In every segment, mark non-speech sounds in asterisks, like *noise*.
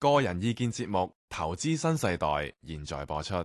個人意見節目《投資新世代》現在播出。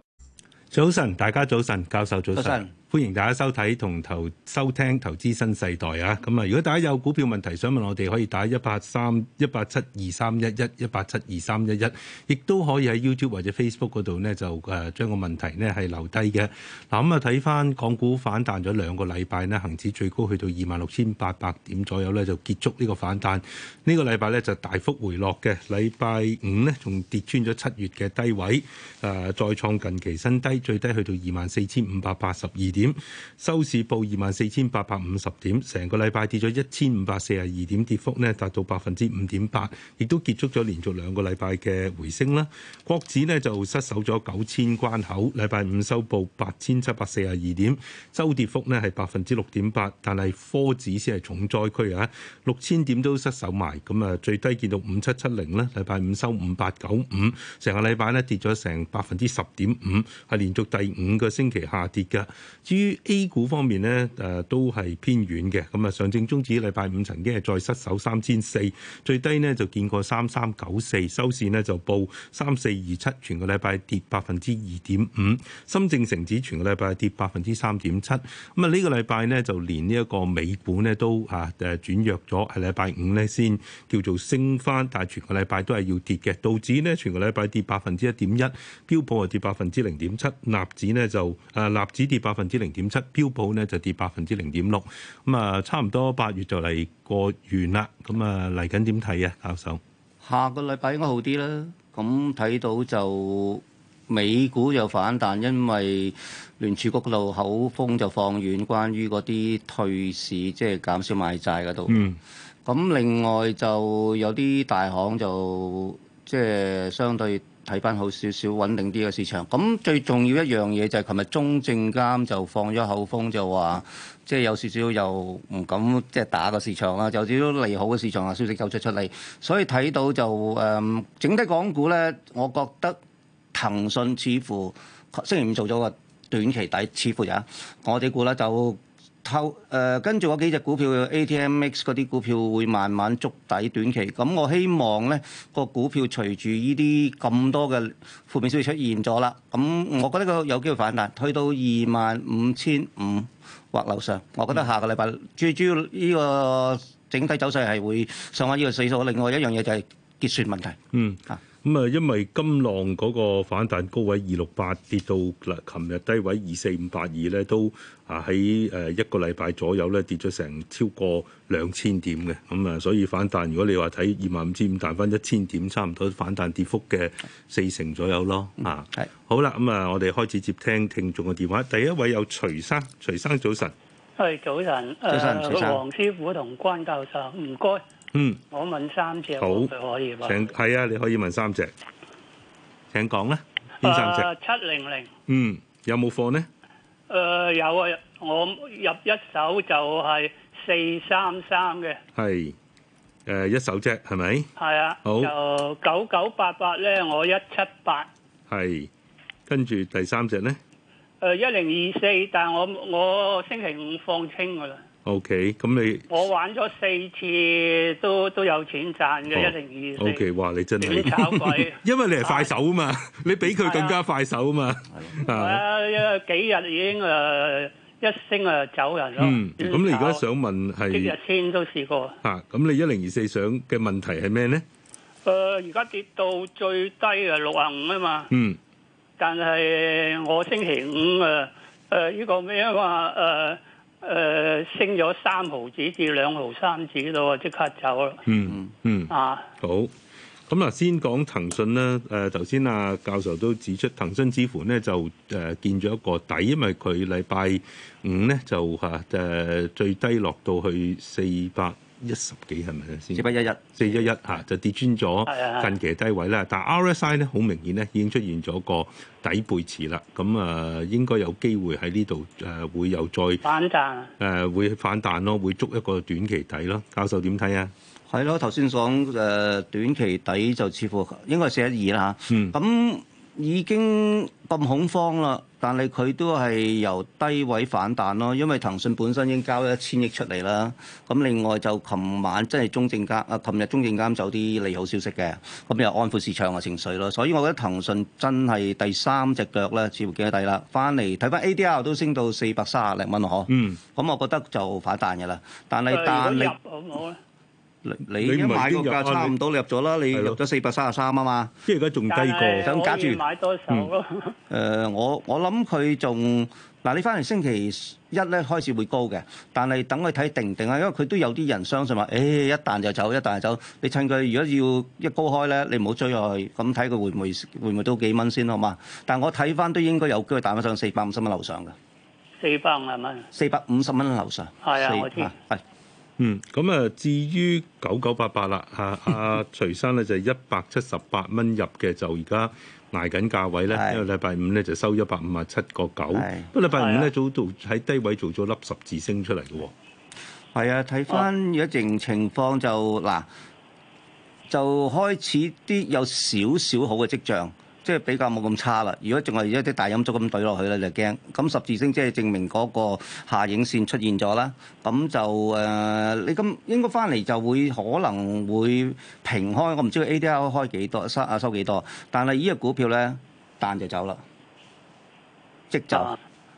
早晨，大家早晨，教授早晨。早晨。歡迎大家收睇同投收聽投資新世代啊！咁啊，如果大家有股票問題想問我哋，可以打一八三一八七二三一一一八七二三一一，亦都可以喺 YouTube 或者 Facebook 嗰度咧就誒將個問題咧係留低嘅。嗱咁啊，睇翻港股反彈咗兩個禮拜咧，恆指最高去到二萬六千八百點左右咧，就結束呢個反彈。呢個禮拜咧就大幅回落嘅。禮拜五咧仲跌穿咗七月嘅低位，誒、呃、再創近期新低，最低去到二萬四千五百八十二點。點收市報二萬四千八百五十點，成個禮拜跌咗一千五百四十二點，跌幅咧達到百分之五點八，亦都結束咗連續兩個禮拜嘅回升啦。國指咧就失守咗九千關口，禮拜五收報八千七百四十二點，周跌幅咧係百分之六點八，但係科指先係重災區啊，六千點都失守埋，咁啊最低見到五七七零啦，禮拜五收五八九五，成個禮拜咧跌咗成百分之十點五，係連續第五個星期下跌嘅。於 A 股方面呢，誒、呃、都係偏軟嘅。咁啊，上證綜指禮拜五曾經係再失守三千四，最低呢就見過三三九四，收市呢就報三四二七，全個禮拜跌百分之二點五。深證成指全個禮拜跌百分之三點七。咁啊，呢個禮拜呢，就連呢一個美股呢都啊誒轉弱咗，係禮拜五呢，先叫做升翻，但係全個禮拜都係要跌嘅。道指呢，全個禮拜跌百分之一點一，標普係跌百分之零點七，納指呢，就誒納指跌百分之跌零點七，標普呢就跌百分之零點六，咁啊差唔多八月就嚟過完啦，咁啊嚟緊點睇啊，教授？下個禮拜應該好啲啦，咁睇到就美股就反彈，因為聯儲局嘅口風就放軟，關於嗰啲退市，即係減少買債嗰度。嗯。咁另外就有啲大行就即係相對。睇翻好少少穩定啲嘅市場，咁最重要一樣嘢就係琴日中證監就放咗口風就，就話即係有少少又唔敢即係打個市場啦，就少少利好嘅市場啊，消息走出出嚟，所以睇到就誒、嗯、整體港股咧，我覺得騰訊似乎星期五做咗個短期底，似乎啊，我哋估啦就。透誒，跟住嗰幾隻股票 ATMX 嗰啲股票會慢慢築底短期。咁我希望呢個股票隨住呢啲咁多嘅負面消息出現咗啦，咁我覺得佢有機會反彈，去到二萬五千五或樓上。我覺得下個禮拜最主要呢個整體走勢係會上返呢個四數。另外一樣嘢就係結算問題。嗯。啊。咁啊，因為金浪嗰個反彈高位二六八跌到，嗱，琴日低位二四五八二咧，都啊喺誒一個禮拜左右咧跌咗成超過兩千點嘅。咁、嗯、啊，所以反彈，如果你話睇二萬五千五彈返一千點，差唔多反彈跌幅嘅四成左右咯。啊，係是好啦，咁、嗯、啊，我哋開始接聽聽眾嘅電話。第一位有徐生，徐生早晨。係早晨。早晨，黃師傅同關教授，唔該。嗯，我問三隻好就可以。請係啊，你可以問三隻，請講啦。邊三隻？誒，七零零，700, 嗯，有冇貨呢？誒、呃，有啊，我入一手就係四三三嘅。係誒、呃，一手啫，係咪？係啊。好，就九九八八咧，我一七八。係，跟住第三隻呢？誒、呃，一零二四，但係我我星期五放清㗎喇。O K，咁你我玩咗四次都都有錢賺嘅一零二四。O K，哇！你真係搞鬼，因為你係快手啊嘛，你比佢更加快手啊嘛。係啊，幾日已經誒一升就走人咯。嗯，咁你而家想問係幾日千都試過？嚇，咁你一零二四想嘅問題係咩咧？誒，而家跌到最低六十五啊嘛。嗯，但係我星期五誒誒呢個咩話誒？誒升咗三毫紙至兩毫三紙到，喎，即刻走啦！嗯嗯啊，好咁啊，先講騰訊啦。誒頭先啊教授都指出騰訊指盤咧就誒見咗一個底，因為佢禮拜五咧就嚇誒最低落到去四百。一十幾係咪先？四百一一四一一吓，就跌穿咗近期低位啦。但係 RSI 咧好明顯咧，已經出現咗個底背馳啦。咁啊、呃，應該有機會喺呢度誒，會又再反彈誒、呃，會反彈咯，會捉一個短期底咯。教授點睇啊？係咯，頭先講誒短期底就似乎應該係四一二啦嚇。嗯。咁已經咁恐慌啦。但係佢都係由低位反彈咯，因為騰訊本身已經交一千億出嚟啦。咁另外就琴晚即係中證監啊，琴日中證監有啲利好消息嘅，咁、嗯、又安撫市場嘅情緒咯。所以我覺得騰訊真係第三隻腳咧，似乎見得底啦。翻嚟睇翻 A D R 都升到四百三十零蚊哦，嗬。嗯。咁、嗯、我覺得就反彈嘅啦。但係是但係你。你已經買個價差唔多，你入咗啦。你入咗四百三十三啊嘛，即係而家仲低過。想加住買多手咯。誒，我我諗佢仲嗱，你翻嚟星期一咧開始會高嘅，但係等佢睇定定啊，因為佢都有啲人相信話，誒，一彈就走，一彈就走。你趁佢如果要一高開咧，你唔好追落去，咁睇佢會唔會會唔會都幾蚊先咯，好嘛？但我睇翻都應該有機會彈翻上四百五十蚊樓上㗎。四百五十蚊。四百五十蚊樓上。係啊，我知。係。嗯，咁啊，至於九九八八啦，啊啊，徐生咧就一百七十八蚊入嘅， *laughs* 就而家捱緊價位咧，的因為禮拜五咧就收一百的五啊七個九，不過禮拜五咧早度喺低位做咗粒十字星出嚟嘅，係啊，睇翻而家情情況就嗱，啊、就開始啲有少少好嘅跡象。即係比較冇咁差啦。如果淨係一啲大陰燭咁懟落去咧，就驚。咁十字星即係證明嗰個下影線出現咗啦。咁就誒、呃，你咁應該翻嚟就會可能會平開。我唔知佢 ADR 開幾多收啊收幾多。但係依個股票咧，彈就走啦，即走。啊。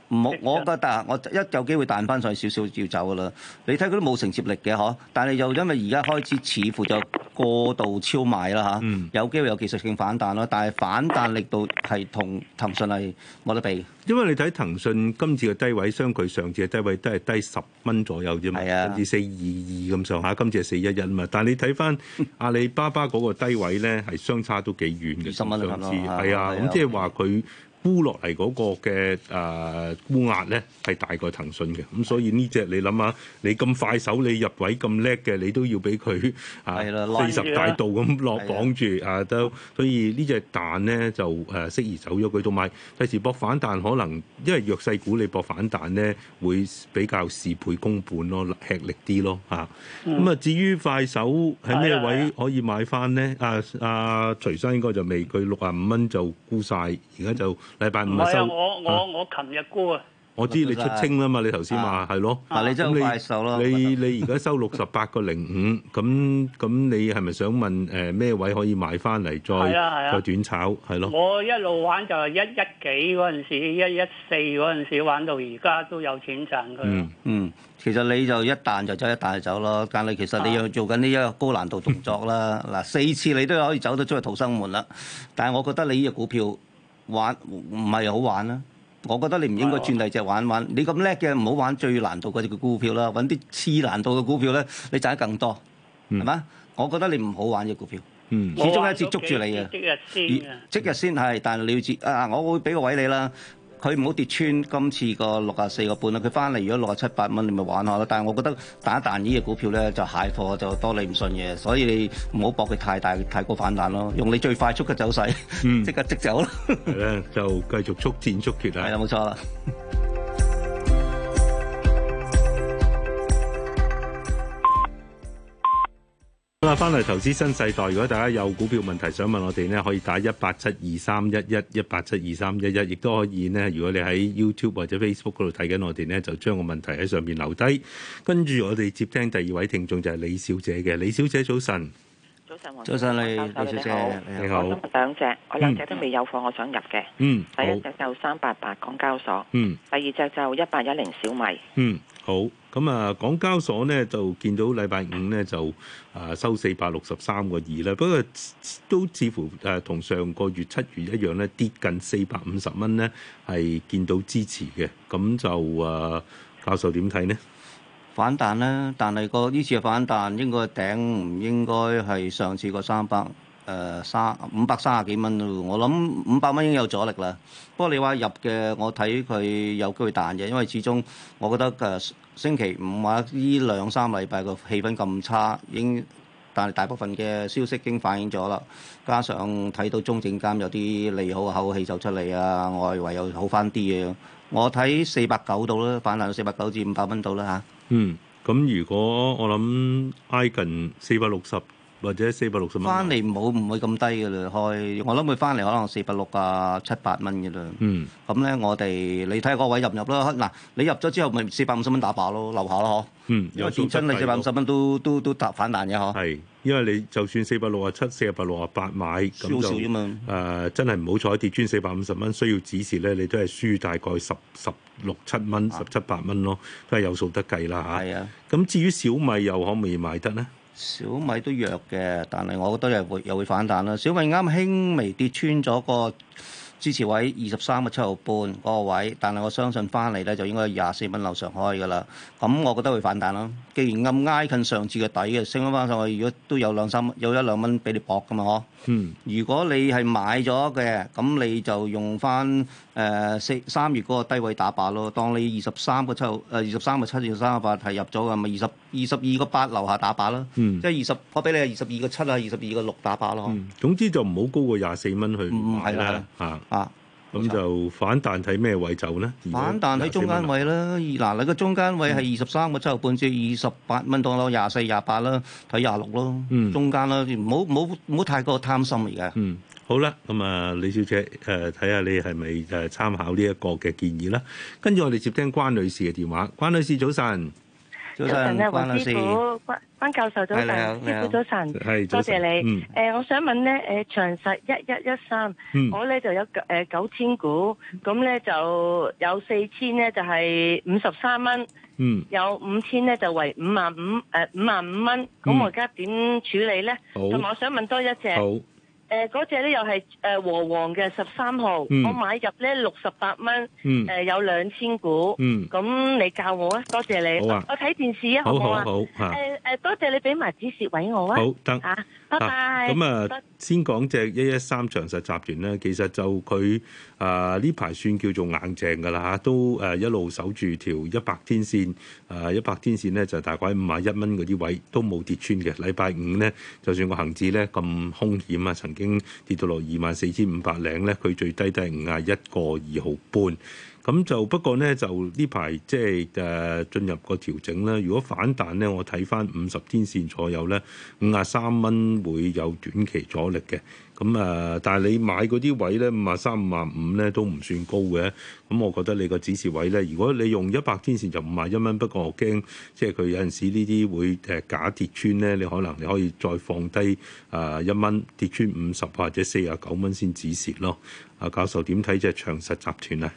唔好，我覺得我一有機會彈翻上去，少少要走噶啦。你睇佢都冇承接力嘅呵，但係又因為而家開始似乎就過度超賣啦嚇，嗯、有機會有技術性反彈咯。但係反彈力度係同騰訊係冇得比。因為你睇騰訊今次嘅低位相距上次嘅低位都係低十蚊左右啫嘛，至四二二咁上下，今次係四一一嘛。但係你睇翻阿里巴巴嗰個低位咧，係相差都幾遠嘅，十蚊差唔多，係啊。咁即係話佢。沽落嚟嗰個嘅誒、啊、沽壓咧係大過騰訊嘅，咁所以呢隻你諗下，你咁快手你入位咁叻嘅，你都要俾佢啊四十的大度咁落綁住的啊都，所以彈呢隻彈咧就誒適宜走咗佢，同埋第時搏反彈可能因為弱勢股你搏反彈咧會比較事倍功半咯，吃力啲咯嚇。咁啊、嗯、至於快手喺咩位可以買返咧？啊啊徐生應該就未，佢六啊五蚊就沽晒，而家就、嗯。禮拜五咪收，我我我琴日沽啊！我，我，我知你出清啦嘛，你頭先話係咯。咁、啊、你、啊、你收 05, *laughs* 你而家收六十八個零五，咁咁你係咪想問誒咩、呃、位可以買翻嚟再、啊啊、再短炒？係咯。我一路玩就係、一一幾嗰陣時，一一四嗰陣時，一一時玩到而家都有錢賺噶。嗯嗯，其實你就一彈就走，一彈就走咯。但係其實你又做緊呢一個高難度動作啦。嗱、嗯，四次你都可以走得出去，逃生門啦。但係我覺得你呢隻股票。玩唔係好玩啦，我覺得你唔應該轉第二隻玩玩。你咁叻嘅唔好玩最難度嗰隻股票啦，揾啲次難度嘅股票咧，你賺得更多係嘛、嗯？我覺得你唔好玩嘅股票，嗯、始終一隻捉住你啊！嗯、即日先即日先係，但係你要知啊，我會俾個位你啦。佢唔好跌穿今次個六十四個半啦，佢翻嚟如果六十七八蚊，你咪玩下咯。但係我覺得打一彈呢個股票咧，就蟹貨就多，你唔信嘅，所以你唔好搏佢太大、太過反彈咯。用你最快速嘅走勢，嗯、即刻即走啦。係就繼續速戰速決啊！係啦， *laughs* 冇錯啦。 *laughs* 翻嚟投資新世代，如果大家有股票問題想問我哋呢，可以打一八七二三一一一八七二三一一，亦都可以呢。如果你喺 YouTube 或者 Facebook 度睇緊我哋呢，就將個問題喺上邊留低。跟住我哋接聽第二位聽眾就係李小姐嘅。李小姐早晨，早晨，早晨，你好，你好。今日兩隻，我兩隻都未有貨，我想入嘅。嗯，第一隻就三八八，港交所。嗯，第二隻就一八一零小米。嗯，好。咁啊，港交所呢就見到禮拜五呢就啊收四百六十三個二啦，不過都似乎誒同上個月七月一樣咧，跌近四百五十蚊呢係見到支持嘅，咁就啊教授點睇呢？反彈呢？但係個呢次嘅反彈應該頂唔應該係上次個三百。誒、呃、三五百三十幾蚊咯，我諗五百蚊已經有阻力啦。不過你話入嘅，我睇佢有機會彈嘅，因為始終我覺得誒、呃、星期五或者，呢兩三禮拜個氣氛咁差，已經但係大部分嘅消息已經反映咗啦。加上睇到中證監有啲利好口氣就出嚟啊，外圍又好翻啲嘅。我睇四百九度啦，反彈到四百九至五百蚊度啦嚇。嗯，咁如果我諗挨近四百六十。或者四百六十蚊。翻嚟冇唔會咁低嘅嘞，開我諗佢翻嚟可能四百六啊七百蚊嘅嘞。嗯。咁咧，我哋你睇下個位入唔入啦？嗱、啊，你入咗之後，咪四百五十蚊打靶咯，留下咯嗬。嗯。因為跌穿四百五十蚊都都都，都反彈嘅嗬。係，因為你就算四百六啊七、四百六啊八買，咁少啫嘛，誒、呃、真係唔好彩跌穿四百五十蚊，需要指示咧，你都係輸大概十十六七蚊、十七八蚊咯，都係有數得計啦嚇。係啊。咁至於小米又可唔可以買得咧？小米都弱嘅，但係我覺得又會又會反彈啦。小米啱輕微跌穿咗個。支持位二十三個七毫半嗰個位，但係我相信翻嚟咧就應該廿四蚊樓上開噶啦。咁我覺得會反彈咯。既然咁挨近上次嘅底嘅，升翻翻上去，如果都有兩三蚊，有一兩蚊俾你搏噶嘛，嗬？嗯。如果你係買咗嘅，咁你就用翻誒四三月嗰個低位打靶咯。當你二十三個七毫誒二十三個七月三毫八係入咗嘅，咪二十二個八樓下打靶咯。嗯、即係二十，我俾你二十二個七啊，二十二個六打靶咯。嗯。總之就唔好高過廿四蚊去，嗯。係啦，嚇。啊，咁就反彈喺咩位走咧？反彈喺中間位啦，嗱、嗯，你個中間位係二十三個七毫半至二十八蚊，當攞廿四廿八啦，睇廿六咯，24，嗯、中間啦，唔好唔好唔好太過貪心而家。嗯，好啦，咁啊，李小姐，誒睇下你係咪誒參考呢一個嘅建議啦。跟住我哋接聽關女士嘅電話，關女士早晨。早晨啊，黃師傅，關關教授，早晨，師傅早晨，多謝你。誒，我想問咧，誒長實一一一三，我咧就有誒九千股，咁咧就有四千咧就係五十三蚊，有五千咧就為五萬五誒五萬五蚊，咁我而家點處理咧？同埋我想問多一隻。誒，嗰隻咧又係誒和黃嘅十三號，我買入咧六十八蚊，誒、嗯呃、有兩千股，咁、嗯、你教我啊，多謝你，我睇電視啊，好唔好啊？誒誒，多謝你俾埋指示位我好啊，我好啊等。吓。啊，咁啊，先講隻一一三長實集團咧，其實就佢啊呢排算叫做硬淨嘅啦嚇，都誒一路守住條一百天線，啊一百天線咧就是、大概五啊一蚊嗰啲位都冇跌穿嘅。禮拜五咧，就算個恆指咧咁兇險啊，曾經跌到落二萬四千五百零咧，佢最低都係五啊一個二毫半。咁就不過咧，就呢排即係誒進入個調整咧。如果反彈咧，我睇返五十天線左右咧，五啊三蚊會有短期阻力嘅。咁啊，但係你買嗰啲位咧，五啊三、五啊五咧都唔算高嘅。咁我覺得你個止蝕位咧，如果你用一百天線就五啊一蚊。不過我驚即係佢有陣時呢啲會誒假跌穿咧，你可能你可以再放低啊一蚊跌穿五十或者四啊九蚊先止蝕咯。阿教授點睇隻長實集團咧？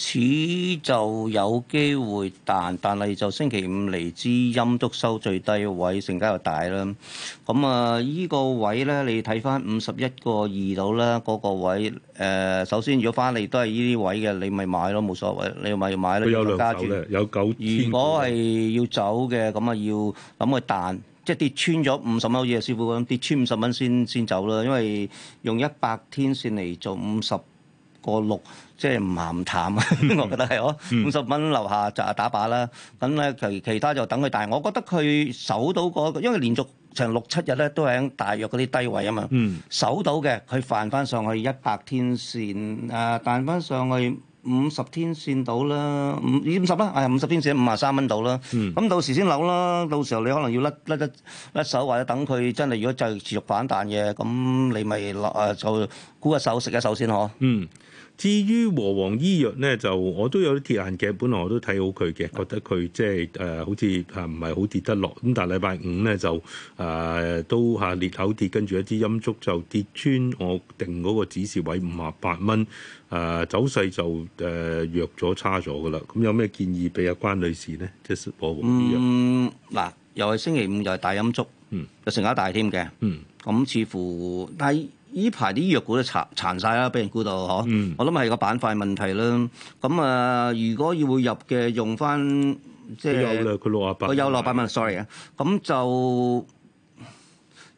始就有機會彈，但係就星期五嚟之陰燭收最低位，成交又大啦。咁啊，依、這個位咧，你睇翻五十一個二度啦，嗰、那個位。誒、呃，首先如果翻嚟都係依啲位嘅，你咪買咯，冇所謂。你咪買啦，買有兩手咧，有九。如果係要走嘅，咁啊要諗去彈，即係跌穿咗五十蚊好似阿師傅咁，跌穿五十蚊先先走啦。因為用一百天線嚟做五十。個六即係唔鹹唔淡啊！ *laughs* 我覺得係哦，五十蚊樓下就打，打靶啦。咁咧其，其他就等佢。但係我覺得佢守到個，因為連續成六七日咧都係喺大約嗰啲低位啊嘛。 *noise* 守到嘅佢犯翻上去一百天線啊，彈翻上去五十天線到啦，五二十啦，哎五十天線五啊三蚊到啦。咁 *noise* 到時先樓啦。到時候你可能要甩甩一一手，或者等佢真係如果就係持續反彈嘅，咁你咪落誒就估、啊、一手食一手先呵。 *noise* *noise* 至於和黃醫藥咧，就我都有啲鐵眼鏡，本來我都睇好佢嘅，覺得佢即係誒好似啊唔係好跌得落。咁但係禮拜五咧就誒、呃、都嚇、啊、裂口跌，跟住一支陰燭就跌穿我定嗰個指示位五十八蚊，誒、呃、走勢就誒、呃、弱咗差咗噶啦。咁有咩建議俾阿關女士咧？即、就、係、是、和黃醫藥。嗱、嗯，又係星期五又係大陰燭，嗯，又成交大添嘅，嗯，咁似乎低。呢排啲藥股都殘殘曬啦，俾人估到嗬。嗯、我諗係個板塊問題啦。咁啊，如果要會入嘅，用翻即係有啦，佢六啊八。我有六,六百蚊，sorry 啊。咁就。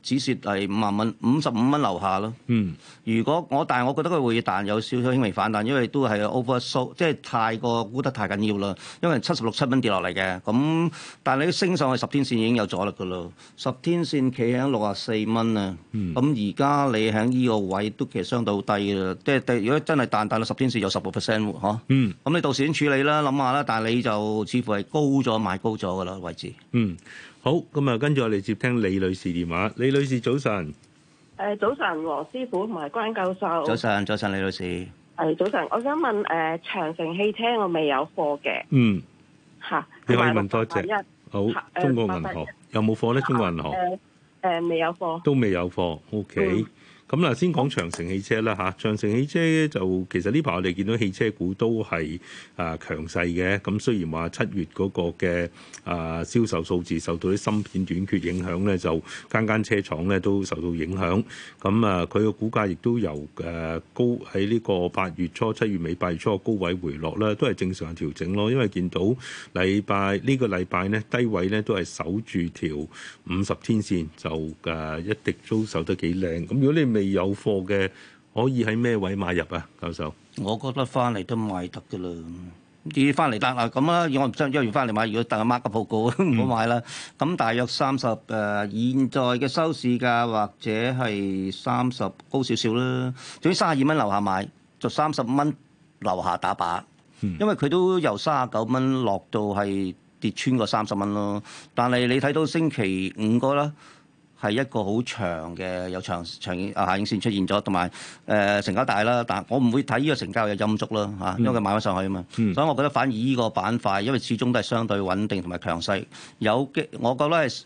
只數係五萬蚊，五十五蚊樓下咯。嗯，如果我但係，我覺得佢會彈，有少少輕微反彈，因為都係 oversold 即係太過沽得太緊要啦。因為七十六七蚊跌落嚟嘅，咁但係你升上去十天線已經有阻力嘅咯。十天線企喺六十四蚊啊，咁而家你喺呢個位都其實相對好低啦，即係如果真係彈，大到十天線有十個 percent 喎，嚇、啊。嗯。咁你到時先處理啦，諗下啦，但係你就似乎係高咗買高咗嘅啦位置。嗯。好，咁啊，跟住我哋接聽李女士電話。李女士早晨，誒早晨，黃師傅同埋關教授。早晨，早晨，李女士。誒早晨，我想問誒，長城汽車我未有貨嘅。嗯，吓，你可以問多一隻。好，中國銀行有冇貨咧？中國銀行。誒，未有貨。都未有貨。OK。咁嗱，先講長城汽車啦嚇，長城汽車就其實呢排我哋見到汽車股都係啊強勢嘅。咁雖然話七月嗰個嘅啊銷售數字受到啲芯片短缺影響咧，就間間車廠咧都受到影響。咁、嗯、啊，佢個股價亦都由誒、啊、高喺呢個八月初、七月尾、八月初嘅高位回落啦，都係正常嘅調整咯。因為見到禮拜呢、呢個禮拜呢，低位呢都係守住條五十天線，就誒一滴都守得幾靚。咁、嗯、如果你未，未有貨嘅可以喺咩位買入啊？教授，我覺得翻嚟都買得噶啦，跌翻嚟得啦咁啦，我唔想一月翻嚟買，如果突然 mark 個報告，唔好買啦。咁大約三十誒，現在嘅收市價或者係三十高少少啦，總之三十二蚊樓下買，就三十五蚊樓下打靶，因為佢都由三十九蚊落到係跌穿個三十蚊咯。但係你睇到星期五個啦。係一個好長嘅有長長啊下影線出現咗，同埋誒成交大啦。但係我唔會睇呢個成交有陰燭啦嚇，嗯、因為佢買翻上去啊嘛。嗯、所以我覺得反而依個板塊，因為始終都係相對穩定同埋強勢，有嘅我覺得係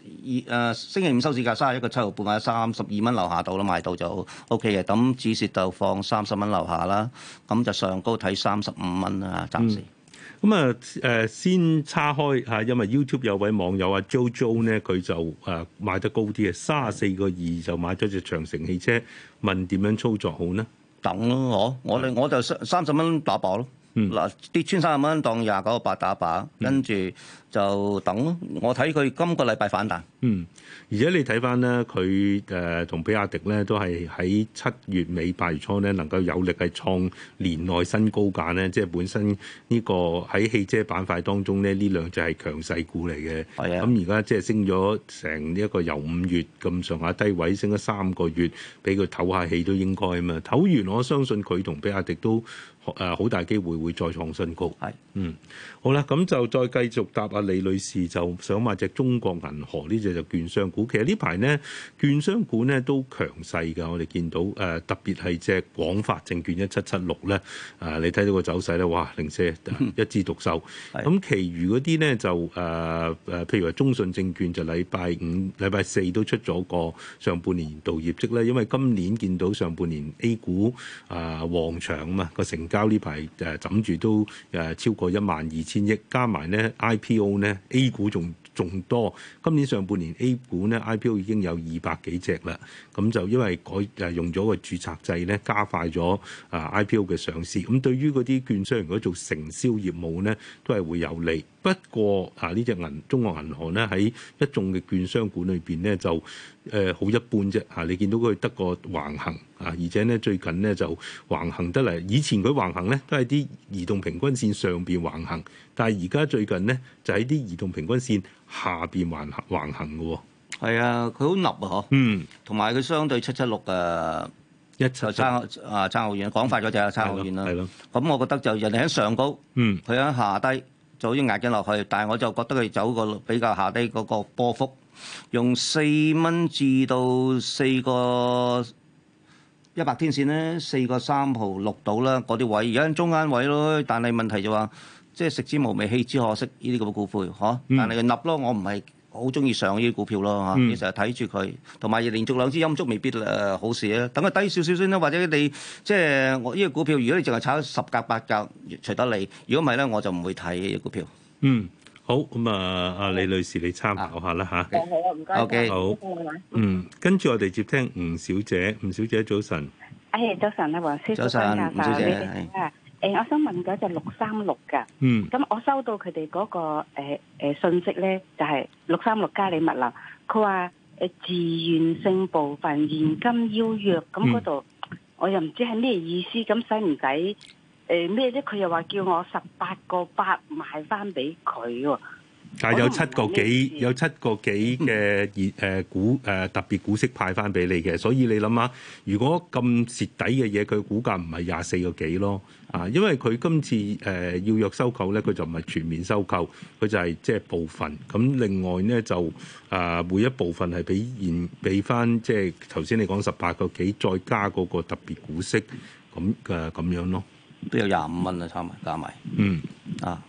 二誒星期五收市價三十一個七毫半，或者三十二蚊樓下到啦，買到就 O K 嘅。咁止蝕就放三十蚊樓下啦，咁就上高睇三十五蚊啦，暫時。嗯咁啊誒先叉開嚇，因為 YouTube 有位網友啊 JoJo 呢，佢就誒買得高啲嘅，三十四個二就買咗隻長城汽車，問點樣操作好呢？等咯，我我哋我就三十蚊打爆咯。嗯，嗱，跌穿三十蚊當廿九個八打靶，跟住、嗯、就等咯。我睇佢今個禮拜反彈。嗯，而且你睇翻咧，佢誒同比亞迪咧都係喺七月尾八月初咧能夠有力係創年內新高價咧，即係、嗯、本身呢個喺汽車板塊當中咧呢兩隻係強勢股嚟嘅。係啊的，咁而家即係升咗成呢一個由五月咁上下低位升咗三個月，俾佢唞下氣都應該啊嘛。唞完，我相信佢同比亞迪都。誒好大機會會再創新高。係。嗯，好啦，咁就再繼續答啊。李女士，就想買隻中國銀河呢隻就券商股。其實呢排咧，券商股咧都強勢㗎。我哋見到誒、呃、特別係隻廣發證券一七七六咧，啊你睇到個走勢咧，哇零舍一枝獨秀。咁， *laughs* 其餘啲咧就誒誒、呃、譬如話中信證券就禮拜五、禮拜四都出咗個上半年度業績咧。因為今年見到上半年 A 股啊旺場啊嘛，個成交呢排誒枕住都誒超過，一萬二千億，加埋咧 IPO 咧 A 股仲仲多，今年上半年 A 股咧 IPO 已經有二百幾隻啦，咁就因為改誒用咗個注冊制咧，加快咗啊 IPO 嘅上市，咁對於嗰啲券商如果做承銷業務咧，都係會有利。不過啊，呢隻銀中國銀行咧喺一眾嘅券商股裏邊咧就。.誒好、呃、一般啫嚇、啊，你見到佢得個橫行啊，而且咧最近咧就橫行得嚟。以前佢橫行咧都係啲移動平均線上邊橫行，但係而家最近咧就喺、是、啲移動平均線下邊橫橫行嘅、哦。係啊，佢好凹啊嗬。嗯，同埋佢相對七七六誒一七三啊差好遠，講快咗就係差好遠啦。係咯，咁我覺得就人哋喺上高，嗯，佢喺下低下就好似壓緊落去，但係我就覺得佢走個比較下低嗰個波幅。用四蚊至到四個一百天線咧，四個三毫六到啦，嗰啲位，而家中間位咯。但係問題就話，即係食之無味，棄之可惜，呢啲咁嘅股票，嚇、啊。嗯、但係納咯，我唔係好中意上呢啲股票咯嚇。你成日睇住佢，同埋、嗯、連續兩支陰燭未必誒好事啊。等佢低少少先啦，或者你即係我呢個股票，如果你淨係炒十格八格除得你，如果唔係咧，我就唔會睇股票。嗯。好，咁啊，阿李女士，你參考下啦吓，好啊，唔該。O K，好。嗯，跟住我哋接聽吳小姐。吳小姐早晨。誒，早晨啊，黃先生。早晨，吳小姐。誒，我想問嗰就六三六噶。嗯。咁我收到佢哋嗰個誒信息咧，就係六三六嘉里物流，佢話誒自願性部分現金邀約，咁嗰度我又唔知係咩意思，咁使唔使？誒咩啫？佢、呃、又話叫我十八個八賣翻俾佢喎。但係有七個幾有七個幾嘅熱誒股誒特別股息派翻俾你嘅，所以你諗下，如果咁蝕底嘅嘢，佢股價唔係廿四個幾咯啊？因為佢今次誒、呃、要約收購咧，佢就唔係全面收購，佢就係即係部分咁。另外咧就啊、呃，每一部分係俾現俾翻即係頭先你講十八個幾，再加嗰個特別股息咁嘅咁樣咯。都有廿五蚊啦，差唔多加埋。嗯，啊，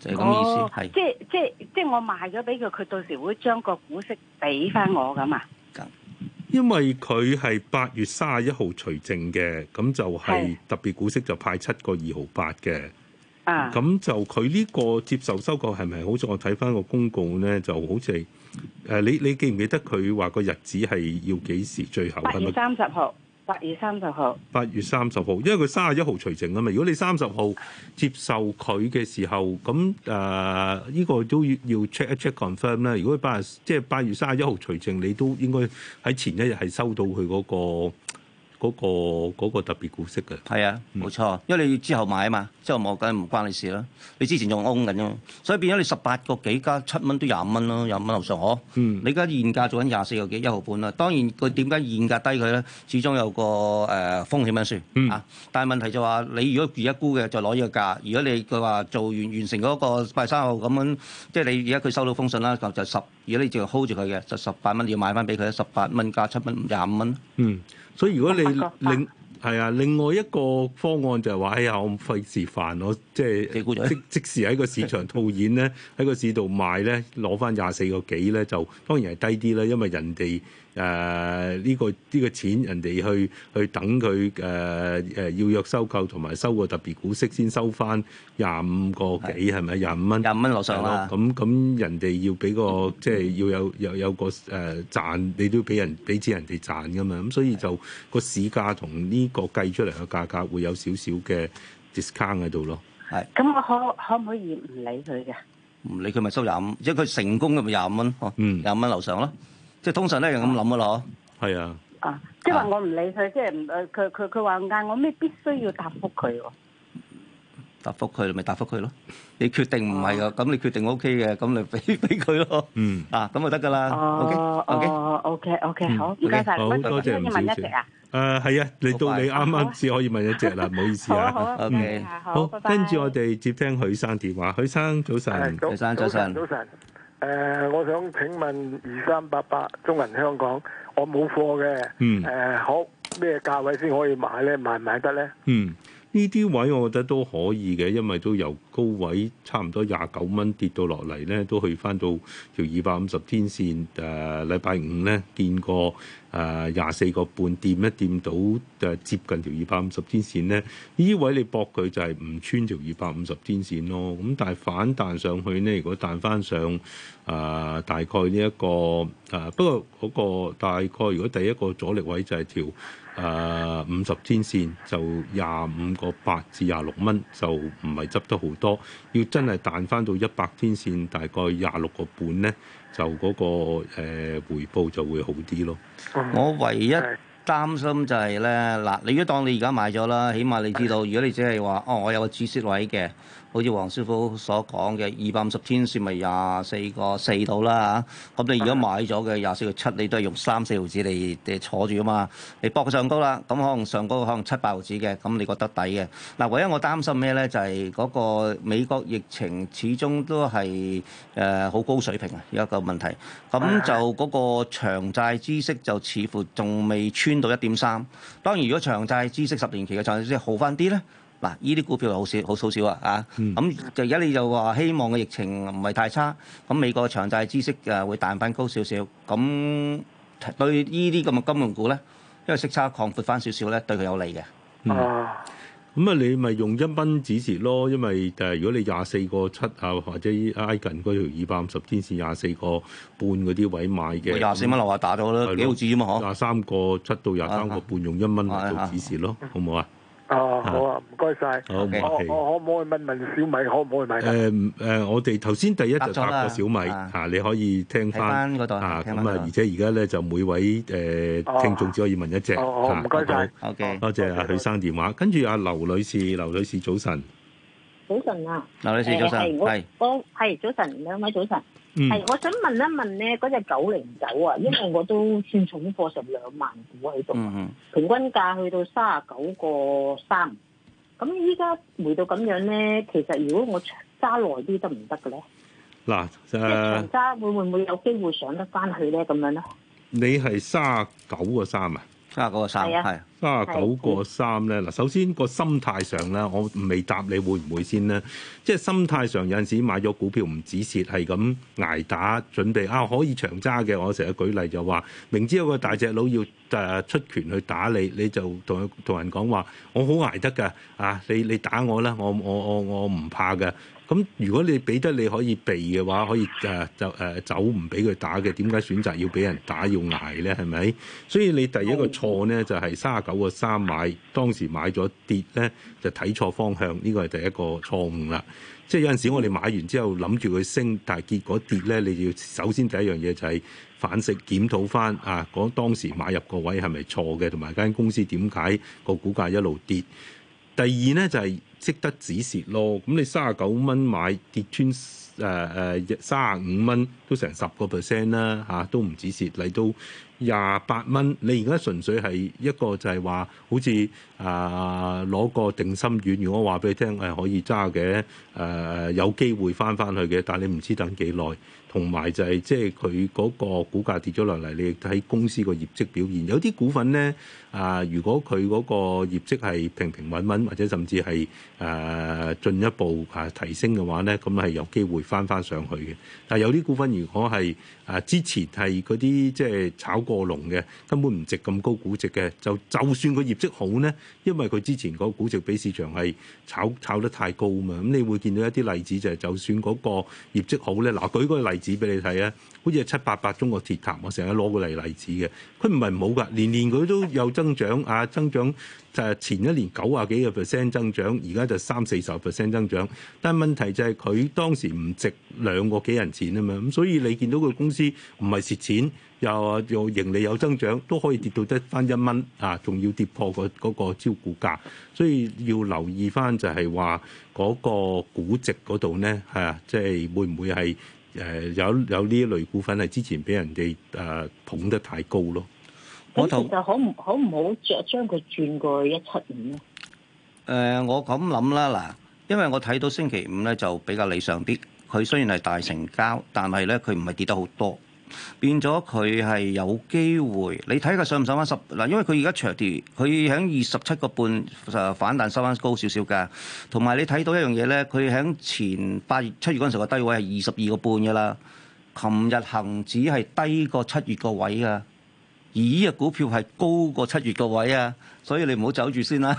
就係、是、咁意思。哦、是即即即我賣咗俾佢，佢到時會將個股息俾翻我咁啊？因為佢係八月卅一號除淨嘅，咁就係特別股息就派七個二毫八嘅。啊的，咁就佢呢個接受收購係咪？好似我睇翻個公告咧，就好似誒、呃，你你記唔記得佢話個日子係要幾時？最後三十號。八月三十號，八月三十號，因為佢三十一號除淨啊嘛。如果你三十號接受佢嘅時候，咁誒，呢、呃這個都要要 check 一 check confirm 咧。如果八，月，即係八月三十一號除淨，你都應該喺前一日係收到佢嗰、那個。嗰、那個那個特別股息嘅係啊，冇、嗯、錯，因為你之後買啊嘛，之後冇梗唔關你事啦。你之前仲 on 緊啊，所以變咗你十八個幾加七蚊都廿五蚊咯，廿五蚊以上呵。嗯，你而家現價做緊廿四個幾一毫半啦。當然佢點解現價低佢咧？始終有個誒、呃、風險因素。啊。但係問題就話你如果而家沽嘅就攞呢個價，如果你佢話做完完成嗰個八月三號咁樣，即係你而家佢收到封信啦，就是、10，就十。如果你繼續 hold 住佢嘅就十八蚊，你要買翻俾佢十八蚊加七蚊廿五蚊。嗯。所以如果你另係啊，另外一個方案就係話：哎呀，我費事煩我，即係即即時喺個市場套現咧，喺 *laughs* 個市度賣咧，攞翻廿四個幾咧，就當然係低啲啦，因為人哋。誒呢個呢個錢人哋去去等佢誒誒要約收購同埋收個特別股息先收翻廿五個幾係咪廿五蚊？廿五蚊樓上啦。咁咁人哋要俾個即係要有有有個誒賺，你都俾人俾錢人哋賺噶嘛。咁所以是就市價個市價同呢個計出嚟嘅價格會有少少嘅 discount 喺度咯。係。咁我可可唔可以唔理佢嘅？唔理佢咪收廿五，即係佢成功嘅咪廿五蚊？哦，廿五蚊樓上啦。即係通常咧，係咁諗噶啦，嗬？係啊。啊，即係話我唔理佢，即係唔，佢佢佢話嗌，我咩必須要答覆佢？答覆佢咪答覆佢咯？你決定唔係啊？咁你決定 O K 嘅，咁你俾俾佢咯。嗯。啊，咁就得噶啦。哦。O K。O K。O K。好。唔該晒。好多謝唔少。問一隻啊？誒，係啊。嚟到，你啱啱至可以問一隻啦，唔好意思啊。好好。O K。好。好。跟住，我哋接聽許生電話。許生早晨。許生早晨。早晨。誒、呃，我想請問二三八八中銀香港，我冇貨嘅。誒、呃、好咩價位先可以買咧，買唔買得咧？嗯呢啲位我覺得都可以嘅，因為都由高位差唔多廿九蚊跌到落嚟咧，都去翻到條二百五十天線。誒、呃，禮拜五咧見過誒廿四個半，掂一掂到誒、啊、接近條二百五十天線咧。呢啲位你博佢就係唔穿條二百五十天線咯。咁但係反彈上去咧，如果彈翻上誒、呃、大概呢、這、一個誒、呃，不過嗰個大概如果第一個阻力位就係條。誒五十天線就廿五個八至廿六蚊，就唔係執得好多。要真係彈翻到一百天線，大概廿六個半呢，就嗰、那個、呃、回報就會好啲咯。嗯、我唯一擔心就係、是、呢：嗱是，你如果當你而家買咗啦，起碼你知道，如果你只係話哦，我有個止蝕位嘅。好似黃師傅所講嘅二百五十天線咪廿四個四度啦嚇，咁你而家買咗嘅廿四個七，你都係用三四毫紙嚟嚟坐住啊嘛，你搏上高啦，咁可能上高可能七八毫紙嘅，咁你覺得抵嘅。嗱，唯一我擔心咩咧，就係嗰個美國疫情始終都係誒好高水平啊，有一個問題。咁就嗰個長債孳息就似乎仲未穿到一點三。當然，如果長債孳息十年期嘅孳息好翻啲咧。嗱，依啲股票好少，好少少啊！啊，咁就而家你就話希望嘅疫情唔係太差，咁美國長債孳息誒會彈翻高少少，咁對呢啲咁嘅金融股咧，因為息差擴闊翻少少咧，對佢有利嘅。咁啊、嗯，你咪用一蚊止蝕咯，因為誒，如果你廿四個七啊，或者挨近嗰條二百五十天線廿四個半嗰啲位買嘅，廿四蚊樓下打咗啦，幾毫子啫嘛，嗬，廿三個七到廿三個半用一蚊嚟做止蝕咯，好唔好啊？啊好。啊，好啊，唔該曬，好唔好？我可唔可以問問小米可唔可以買？誒誒，我哋頭先第一就答過小米嚇，你可以聽翻嗰度嚇。咁啊，而且而家咧就每位誒聽眾只可以問一隻，唔該晒。O K，多謝阿許生電話。跟住阿劉女士，劉女士早晨，早晨啊，劉女士早晨，係我係早晨，兩位早晨。係、嗯，我想問一問咧，嗰隻九零九啊，因為我都算重貨，十兩萬股喺度，嗯、平均價去到三啊九個三，咁依家回到咁樣咧，其實如果我揸耐啲，得唔得嘅咧？嗱、呃，一長揸會唔會有機會上得翻去咧？咁樣咧？你係三啊九個三啊？卅九個三，係啊的！卅九個三咧，嗱的，首先個心態上咧，我未答你會唔會先咧？即係心態上有陣時買咗股票唔止蝕，係咁挨打，準備啊可以長揸嘅。我成日舉例就話，明知有個大隻佬要誒出拳去打你，你就同佢同人講話，我好捱得㗎啊！你你打我啦，我我我我唔怕㗎。咁如果你俾得你可以避嘅話，可以誒、呃、就誒、呃、走唔俾佢打嘅，點解選擇要俾人打要捱呢？係咪？所以你第一個錯呢，就係三十九個三買，當時買咗跌呢，就睇錯方向，呢個係第一個錯誤啦。即係有陣時我哋買完之後諗住佢升，但係結果跌呢，你要首先第一樣嘢就係反駁檢討返啊，講當時買入個位係咪錯嘅，同埋間公司點解個股價一路跌？第二咧就係識得止蝕咯，咁你三十九蚊買跌穿誒誒三十五蚊都成十個 percent 啦，嚇、啊、都唔止蝕嚟到廿八蚊，你而家純粹係一個就係話好似啊攞個定心丸，如果我話俾你聽誒、呃、可以揸嘅誒有機、呃、會翻翻去嘅，但你唔知等幾耐。同埋就係即係佢嗰個股價跌咗落嚟，你睇公司個業績表現。有啲股份咧，啊、呃，如果佢嗰個業績係平平穩穩，或者甚至係誒進一步啊提升嘅話咧，咁係有機會翻翻上去嘅。但係有啲股份如果係啊、呃、之前係嗰啲即係炒過龍嘅，根本唔值咁高估值嘅，就就算個業績好咧，因為佢之前個估值比市場係炒炒得太高嘛。咁你會見到一啲例子就係就算嗰個業績好咧，嗱舉個例。指俾你睇啊，好似七八八中國鐵塔，我成日攞佢嚟例子嘅。佢唔係冇噶，年年佢都有增長啊，增長就係、啊、前一年九十幾個 percent 增長，而家就三四十 percent 增長。但係問題就係佢當時唔值兩個幾人錢啊嘛，咁所以你見到佢公司唔係蝕錢，又又盈利有增長，都可以跌到得翻一蚊啊，仲要跌破、嗰個嗰、嗰個招股價，所以要留意翻就係話嗰個估值嗰度咧，係啊，即、就、係、係、會唔會係？誒，有有呢一類股份係之前俾人哋誒、啊、捧得太高咯，我其實好唔好唔好著將佢轉過一七五咧？誒，我咁諗啦，嗱，因為我睇到星期五咧就比較理想啲，佢雖然係大成交，但係咧佢唔係跌得好多。變咗佢係有機會，你睇佢上唔上翻十嗱？因為佢而家長跌，佢喺二十七個半誒反彈收翻高少少噶。同埋你睇到一樣嘢咧，佢喺前八月七月嗰陣時個低位係二十二個半噶啦。琴日恒指係低過七月個位噶，而呢個股票係高過七月個位啊！所以你唔好走住先啦。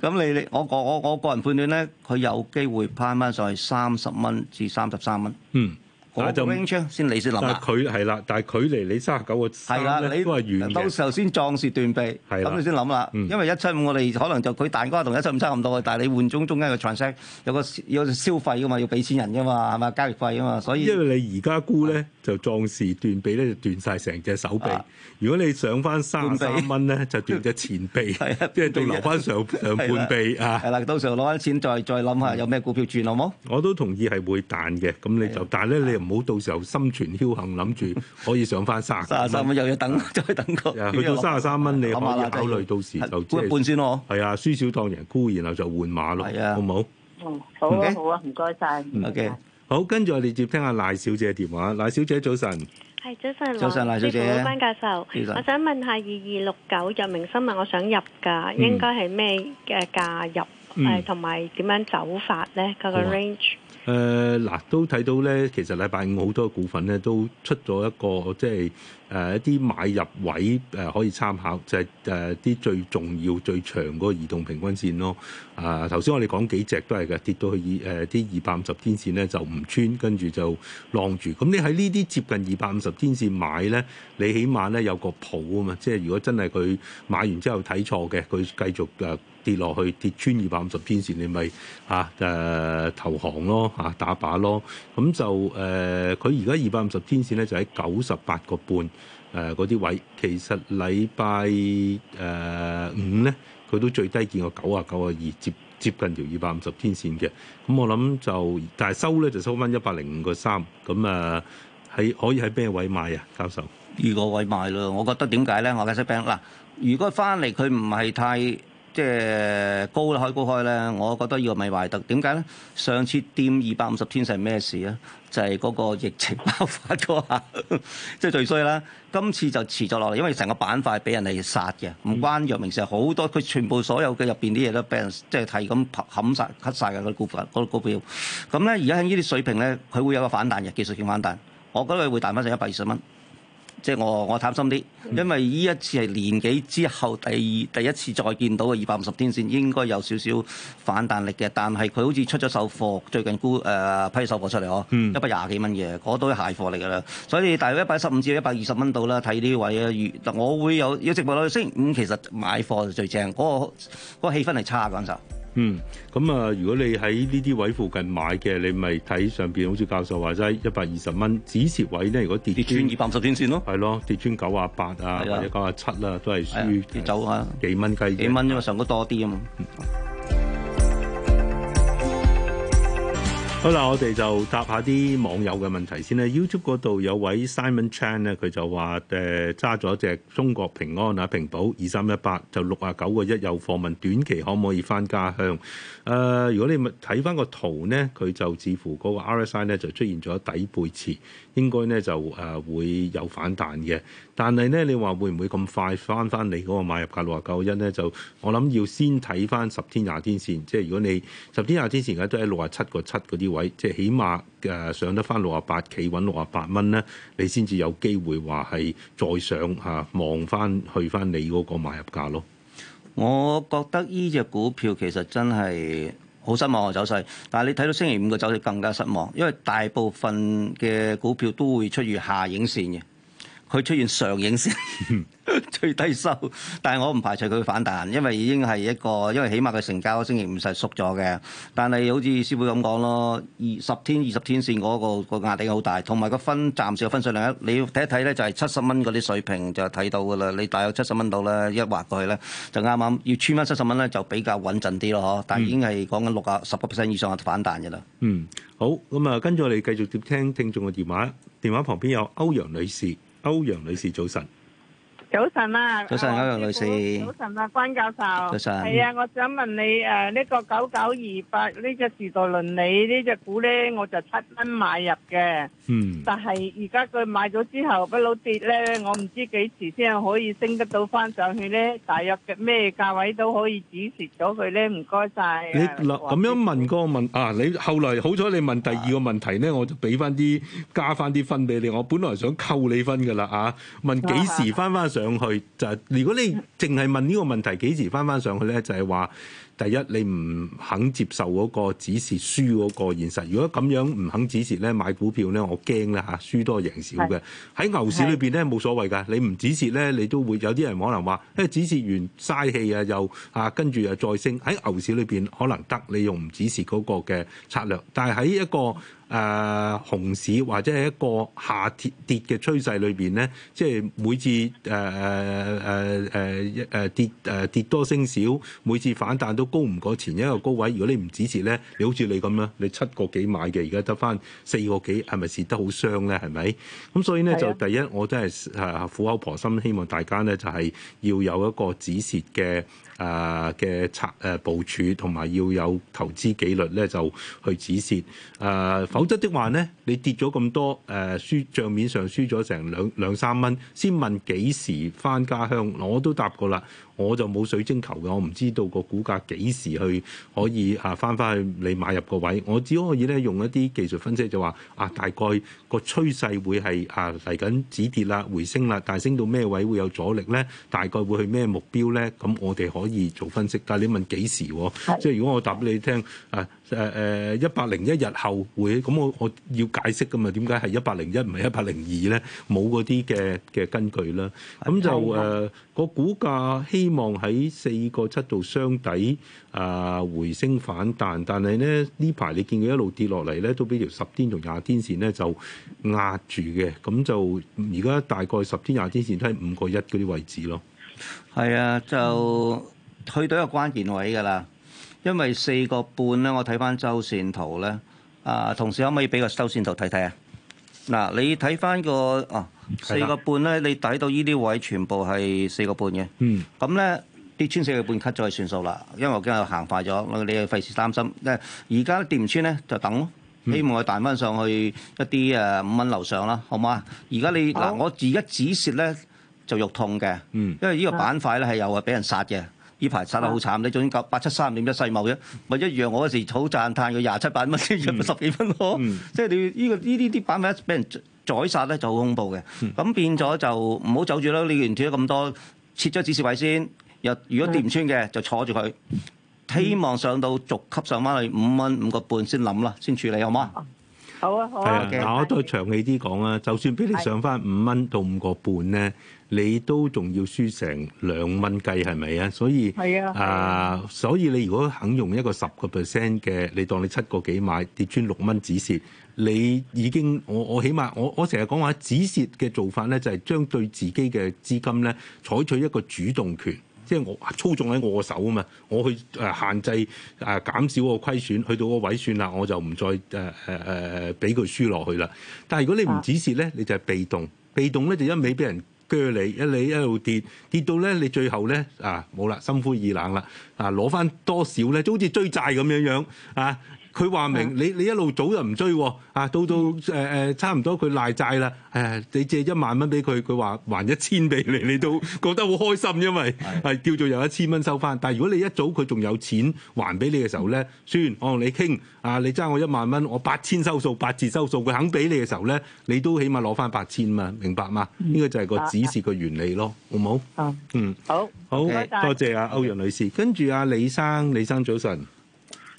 咁 *laughs* 你你我我我我個人判斷咧，佢有機會攀翻上去三十蚊至三十三蚊。嗯。嗱就 window 先你先諗啦，但係佢係啦，但係距離你三十九個，係啦，你都係遠嘅。到時候先壯士斷臂，係咁的你先諗啦。嗯、因為一七五，我哋可能就佢蛋糕同一七五差唔多，但係你換中中間個 transact 有個有個消費噶嘛，要俾錢人噶嘛，係咪？交易費啊嘛，所以因為你而家估咧。就壯士斷臂咧，就斷曬成隻手臂。如果你上翻三十三蚊咧，就斷隻前臂，即係仲留翻上上半臂啊！係啦，到時候攞返錢再再諗下，有咩股票轉好冇？我都同意係會彈嘅，咁你就，但係咧你唔好到時候心存僥倖，諗住可以上翻三三十三蚊，又要等再等個。去到三十三蚊，你可以考慮到時就一半先咯。係啊，輸少當贏沽，然後就換馬咯。係啊，好冇？嗯，好啊，好啊，唔該曬。O K。好，跟住我哋接聽下賴小姐嘅電話。賴小姐早晨，係早晨，早晨賴小姐，你好，班教授，我想問下二二六九藥明生物，我想入㗎，嗯、應該係咩嘅價入？係同埋點樣走法咧？個、那個 range。誒嗱、呃，都睇到咧，其實禮拜五好多股份咧都出咗一個，即係誒一啲買入位誒可以參考，就係誒啲最重要、最長嗰個移動平均線咯。啊、呃，頭先我哋講幾隻都係嘅，跌到去誒啲二百五十天線咧就唔穿，跟住就晾住。咁、嗯、你喺呢啲接近二百五十天線買咧，你起碼咧有個譜啊嘛。即係如果真係佢買完之後睇錯嘅，佢繼續誒。呃跌落去跌穿二百五十天線，你咪嚇誒投降咯嚇、啊、打靶咯。咁就誒佢而家二百五十天線咧，就喺九十八個半誒嗰啲位。其實禮拜誒五咧，佢都最低見過九啊九啊二，接接近條二百五十天線嘅。咁我諗就但係收咧就收翻一百零五個三咁誒喺可以喺咩位買啊？教授依個位買咯。我覺得點解咧？我解釋俾你嗱，如果翻嚟佢唔係太。即係高開高開咧，我覺得要唔係壞特？點解咧？上次掂二百五十天線係咩事啊？就係、是、嗰個疫情爆發咗下， *laughs* 即係最衰啦。今次就持咗落嚟，因為成個板塊俾人哋殺嘅，唔關藥明事，好多，佢全部所有嘅入邊啲嘢都俾人即係提咁冚晒 cut 曬嘅嗰啲股份、啲股票。咁咧而家喺呢啲水平咧，佢會有個反彈嘅技術性反彈，我覺得佢會彈翻成一百二十蚊。即係我我貪心啲，因為呢一次係年幾之後第二第一次再見到嘅二百五十天線，應該有少少反彈力嘅。但係佢好似出咗首貨，最近沽誒、呃、批手貨出嚟哦，一百廿幾蚊嘅，嗰堆蟹貨嚟㗎啦。所以大概一百十五至一百二十蚊度啦，睇呢位啊，我會有要直播落去先。咁、嗯、其實買貨就最正，嗰、嗰個嗰、嗰個氣氛係差嗰時候。嗯，咁、嗯、啊，如果你喺呢啲位附近買嘅，你咪睇上邊，好似教授話齋一百二十蚊止蝕位咧。如果跌穿二百五十天線咯，係咯，跌穿九啊八啊的或者九啊七啊，都係輸。跌走啊！幾蚊雞嘅？幾蚊啫嘛，上高多啲啊嘛。嗯。好啦，我哋就答下啲網友嘅問題先啦。YouTube 嗰度有位 Simon Chan 咧，佢就話誒揸咗隻中國平安啊，平保二三一八就六啊九個一有貨問，短期可唔可以翻家鄉？誒、呃，如果你咪睇翻個圖呢，佢就似乎嗰個 RSI 呢就出現咗底背馳，應該呢就誒、呃、會有反彈嘅。但係呢，你話會唔會咁快翻翻你嗰個買入價六啊九一咧？就我諗要先睇翻十天廿天線，即係如果你十天廿天線而家都喺六啊七個七嗰啲位即係起碼誒上得翻六啊八，企穩六啊八蚊咧，你先至有機會話係再上嚇望翻去翻你嗰個買入價咯。我覺得依隻股票其實真係好失望嘅走勢，但係你睇到星期五嘅走勢更加失望，因為大部分嘅股票都會出於下影線嘅。佢出現上影線最低收，但係我唔排除佢反彈，因為已經係一個，因為起碼佢成交升勁唔實縮咗嘅。但係好似師傅咁講咯，二十天二十天線嗰，那個個壓力好大，同埋個分暫時嘅分水嶺。一，你要睇一睇咧就係七十蚊嗰啲水平就睇到㗎啦。你大約七十蚊度咧，一滑過去咧就啱啱要穿翻七十蚊咧，就比較穩陣啲咯。但係已經係講緊六啊十個 percent 以上嘅反彈㗎啦。嗯，好咁啊，跟住我哋繼續接聽聽眾嘅電話。電話旁邊有歐陽女士。歐陽女士，早晨。早晨啊！早晨上，歐陽女士。傅早晨啊，啊，上啊，關教授。早晨上。係啊，我想問你誒，啊這個28，個這個，呢個九九二八呢隻時代倫理呢隻股咧，我就七蚊買入嘅。嗯。但係而家佢買咗之後，佢老跌咧，我唔知幾時先可以升得到翻上去咧？大約嘅咩價位都可以止蝕咗佢咧？唔該晒。你咁樣問個問啊！你後來好彩你問第二個問題咧，我就俾翻啲加翻啲分俾你。我本來想扣你分噶啦啊！問幾時翻翻上 *laughs* 上去就係如果你淨係問呢個問題幾時返返上去咧，就係、是、話第一你唔肯接受嗰個止蝕輸嗰個現實。如果咁樣唔肯止蝕咧，買股票咧，我驚啦嚇，輸多贏少嘅。喺是牛市裏邊咧，冇所謂㗎，你唔止蝕咧，你都會有啲人可能話，因、欸、止蝕完嘥氣啊，又啊跟住又再升。喺牛市裏邊可能得，你用唔止蝕嗰個嘅策略，但係喺一個。誒、呃、熊市或者係一個下跌跌嘅趨勢裏邊咧，即係每次誒誒誒誒誒跌誒、呃、跌多升少，每次反彈都高唔過前一個高位。如果你唔止蝕咧，你好似你咁樣，你七個幾買嘅，而家得翻四個幾，係咪蝕得好傷咧？係咪咁？所以咧的就第一，我真係誒苦口婆心希望大家咧就係、是、要有一個止蝕嘅。誒嘅策誒部署，同埋要有投資紀律咧，就去止蝕。誒、啊，否則的話咧，你跌咗咁多誒，輸、啊、帳面上輸咗成兩兩三蚊，先問幾時翻家鄉？我都答過啦，我就冇水晶球嘅，我唔知道個股價幾時去可以啊翻返去你買入個位。我只可以咧用一啲技術分析就，就話啊大概個趨勢會係啊嚟緊止跌啦、回升啦，但係升到咩位會有阻力咧？大概會去咩目標咧？咁我哋可。易做分析，但係你問幾時？即係如果我答俾你聽，誒誒誒一百零一日後會，咁、嗯、我我要解釋㗎嘛？點解係一百零一唔係一百零二咧？冇嗰啲嘅嘅根據啦。咁就誒、呃那個股價希望喺四個七度雙底啊回升反彈，但係咧呢排你見佢一路跌落嚟咧，都俾條十天同廿天線咧就壓住嘅。咁就而家大概十天廿天線都係五個一嗰啲位置咯。係啊，就。去到一個關鍵位㗎啦，因為四個半咧，我睇翻周線圖咧。啊，同事可唔可以俾個周線圖睇睇啊？嗱，你睇翻個哦四個半咧，你睇到呢啲位全部係四個半嘅。嗯，咁咧跌穿四個半 cut 咗就算數啦。因為我今日行快咗，你係費事擔心。即係而家掂唔穿咧，就等。希望佢彈翻上去一啲誒五蚊樓上、哦、啦，好唔好啊？而家你嗱，我而家止蝕咧就肉痛嘅，嗯、因為呢個板塊咧係有係俾人殺嘅。呢排殺得好慘，你仲要九八七三點一世貿嘅，咪一樣我。我嗰時好讚歎佢廿七百蚊先入十幾蚊咯，嗯、即係你依、這個依啲啲版塊俾人宰殺咧就好恐怖嘅。咁、嗯、變咗就唔好走住啦，你連跌咗咁多，切咗指示位先。又如果跌唔穿嘅，就坐住佢，希望上到逐級上翻去五蚊五個半先諗啦，先處理好唔好？好。好啊，係啊，嗱，我都長氣啲講啊，就算俾你上翻五蚊到五個半咧，是的 你都仲要輸成兩蚊雞，係咪啊？所以係啊，啊，所以你如果你肯用一個十個 percent 嘅，你當你七個幾買跌穿六蚊止蝕，你已經我我起碼我我成日講話止蝕嘅做法咧，就係將對自己嘅資金咧採取一個主動權。即係我操縱喺我個手啊嘛，我去誒限制誒減少個虧損，去到個位算啦，我就唔再誒誒誒俾佢輸落去啦。但係如果你唔止蝕咧，你就係被動，被動咧就一味俾人鋸你，一你一路跌跌到咧，你最後咧啊冇啦，心灰意冷啦啊，攞翻多少咧，就好似追債咁樣樣啊！佢話明、啊、你你一路早又唔追啊！到到誒誒差唔多佢賴債啦誒、呃！你借一萬蚊俾佢，佢話還一千俾你，你都覺得好開心，因為係叫做有一千蚊收翻。但係如果你一早佢仲有錢還俾你嘅時候咧，嗯、算我同你傾啊！你爭我一萬蚊，我八千收數，八字收數，佢肯俾你嘅時候咧，你都起碼攞翻八千嘛？明白嘛？呢個就係個指示嘅原理咯，好唔好？啊、嗯，嗯，好好，好好 okay。多謝阿歐陽女士，跟住阿李生，李生，李生早晨。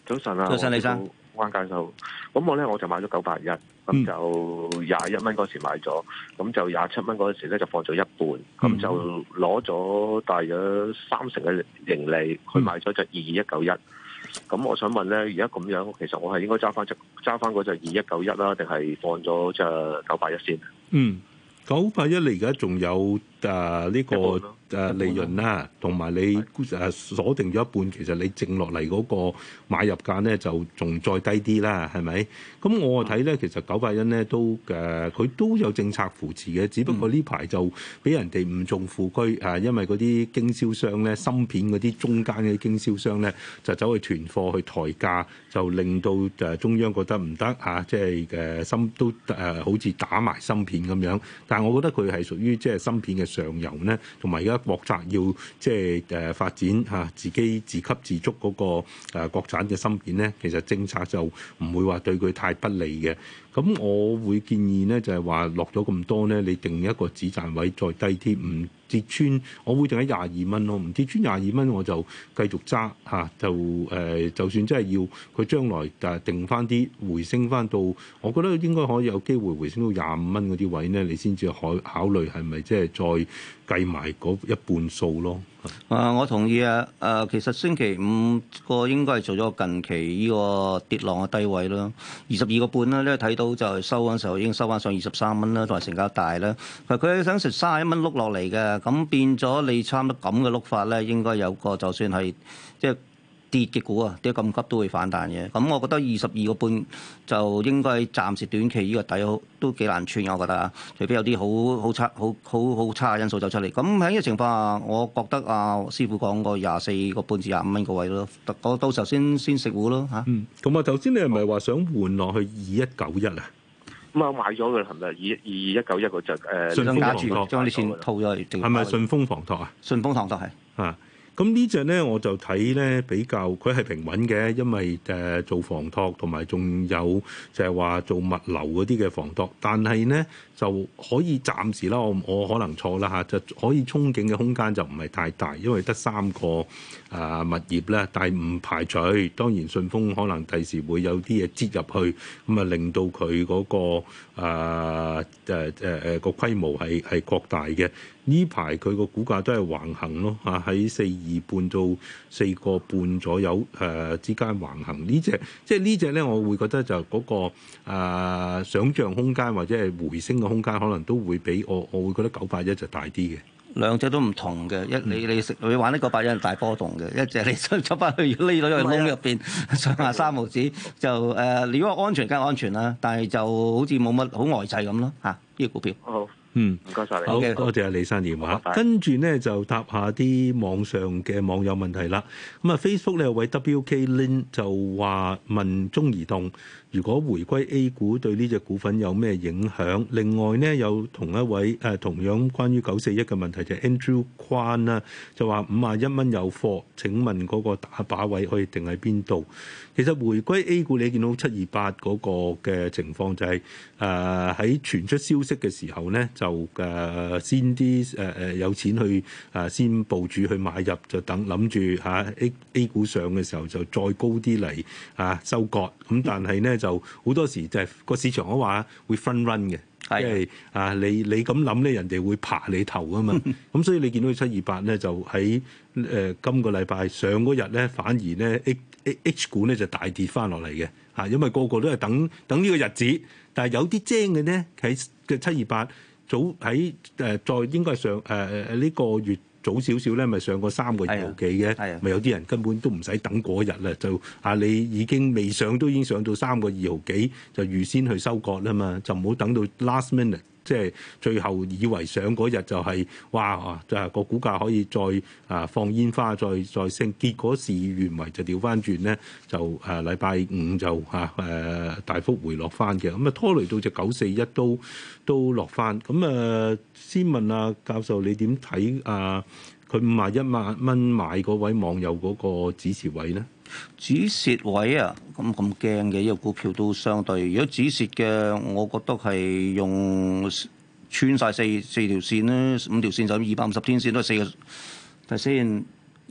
早晨啊，早晨李生，安教授。咁我咧我就買咗九百一，咁就廿一蚊嗰時買咗，咁就廿七蚊嗰時咧就放咗一半，咁、嗯、就攞咗大約三成嘅盈利，去買咗隻二一九一。咁、嗯、我想問咧，而家咁樣，其實我係應該揸翻揸翻隻二一九一啦，定係放咗隻九百一先？嗯，九百、呃這個、一你而家仲有誒呢個？誒，利潤啦，同埋你誒鎖定咗一半，其實你剩落嚟嗰個買入價咧，就仲再低啲啦，係咪？咁我睇咧，其實九百一咧都誒，佢、呃、都有政策扶持嘅，只不過呢排就俾人哋誤中副車啊，因為嗰啲經銷商咧，芯片嗰啲中間嘅經銷商咧，就走去囤貨去抬價，就令到誒中央覺得唔得啊，即係誒心都誒、啊、好似打埋芯片咁樣。但係我覺得佢係屬於即係芯片嘅上游咧，同埋而家。國策要即係誒發展吓，自己自給自足嗰個誒國產嘅芯片咧，其實政策就唔會話對佢太不利嘅。咁我會建議咧，就係話落咗咁多咧，你定一個止賺位再低啲，唔跌穿，我會定喺廿二蚊咯。唔跌穿廿二蚊，我就繼續揸嚇，啊。就誒、呃，就算真係要佢將來誒定翻啲回升翻到，我覺得應該可以有機會回升到廿五蚊嗰啲位咧，你先至可考慮係咪即係再計埋嗰一半數咯。啊！我同意啊！啊、呃，其實星期五個應該係做咗近期呢個跌浪嘅低位啦，二十二個半啦，咧睇到就係收嗰陣時候已經收翻上二十三蚊啦，同埋成交大啦。佢想食三十一蚊碌落嚟嘅，咁變咗你差唔多咁嘅碌法咧，應該有個就算係即係。就係跌嘅股啊，跌咁急都會反彈嘅。咁、嗯、我覺得二十二個半就應該暫時短期依個底都都幾難穿，我覺得啊。除非有啲好好差好好好差嘅因素走出嚟。咁喺呢個情況下，我覺得啊，師傅講過廿四個半至廿五蚊個位咯。我到時候先先食糊咯嚇。啊、嗯，同埋頭先你係咪話想換落去二一九一啊？咁啊買咗佢啦，係咪？二二一九一嗰隻誒順豐房託將啲錢套咗去。係咪順豐房託啊？順豐房託係啊。咁、嗯、這個、呢隻咧我就睇咧比較，佢係平穩嘅，因為誒、呃、做房託，同埋仲有就係話做物流嗰啲嘅房託。但係咧。就可以暫時啦，我我可能錯啦吓，就可以憧憬嘅空間，就唔係太大，因為得三個誒、呃、物業咧，但係唔排除，當然順豐可能第時會有啲嘢擠入去，咁啊令到佢、嗰個誒誒誒誒誒個規模係係擴大嘅。呢排佢個股價都係橫行咯，啊喺四二半到四個半左右誒之間橫行。就是、呢隻即係呢隻咧，我會覺得就、嗰個誒、呃、想象空間或者係回升空間可能都會比我，我會覺得九八一就大啲嘅。兩隻都唔同嘅，一你你食你玩呢個八一係大波動嘅，一隻你執執翻去匿到喺窿入邊，啊、上下三毫紙就誒，你、呃、如果安全梗係安全啦，但係就好似冇乜好呆滯咁咯嚇呢個股票。好，謝謝嗯，唔該晒你。好，多好謝阿李生電話。跟住咧就答下啲網上嘅網友問題啦。咁啊，Facebook 咧有位 WK Lin 就話問中移動。如果回歸 A 股對呢隻股份有咩影響？另外呢，有同一位誒、呃、同樣關於九四一嘅問題就 wan,、啊，就 Andrew Kwan 啦，就話五十一蚊有貨。請問嗰個打靶位可以定喺邊度？其實回歸 A 股你見到七二八嗰個嘅情況，就是，就係誒喺傳出消息嘅時候呢，就誒、呃、先啲誒誒有錢去誒、呃、先部署去買入，就等諗住喺 A A 股上嘅時候就再高啲嚟啊收割。咁但係呢。就好多時就係個市場嗰話會 front run 嘅，因為啊，你你咁諗咧，人哋會爬你頭啊嘛，咁 *laughs* 所以你見到七二八咧就喺誒、呃、今個禮拜上嗰日咧，反而咧 H H 股咧就大跌翻落嚟嘅嚇，因為個個都係等等呢個日子，但係有啲精嘅咧喺嘅七二八早喺誒、呃、再應該係上誒呢、呃這個月。早少少咧，咪上過三個二毫幾嘅，咪、哎、呀有啲人根本都唔使等嗰日啦，就啊你已經未上都已經上到三個二毫幾，就預先去收割啦嘛，就唔好等到 last minute。即係最後以為上嗰日就係、是、哇，就係個股價可以再啊放煙花，再再升。結果事與願違，就調翻轉咧，就誒禮拜五就嚇誒、啊啊、大幅回落翻嘅。咁啊拖累到隻九四一都都落翻。咁啊先問阿、啊、教授，你點睇啊佢五萬一萬蚊買嗰位網友嗰個支持位咧？止蝕位啊，咁咁驚嘅呢個股票都相對。如果止蝕嘅，我覺得係用穿晒四四條線啦，五條線就二百五十天線都係四個。睇先。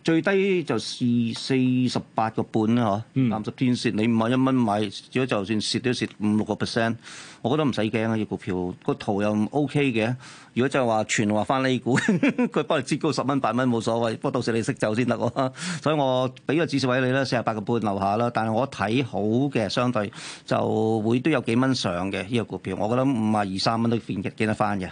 最低就四四十八個半啦，嗬、嗯，三十天蝕你五萬一蚊買，如果就算蝕都蝕五六個 percent，我覺得唔使驚啊，依、這個股票、那個圖又 OK 嘅。如果真係話全話翻呢股，佢 *laughs* 幫你折高十蚊八蚊冇所謂，不過到時你識就先得喎。所以我俾個指示位你啦，四十八個半樓下啦。但係我睇好嘅，相對就會都有幾蚊上嘅呢、這個股票，我覺得五呀二三蚊都算幾得翻嘅。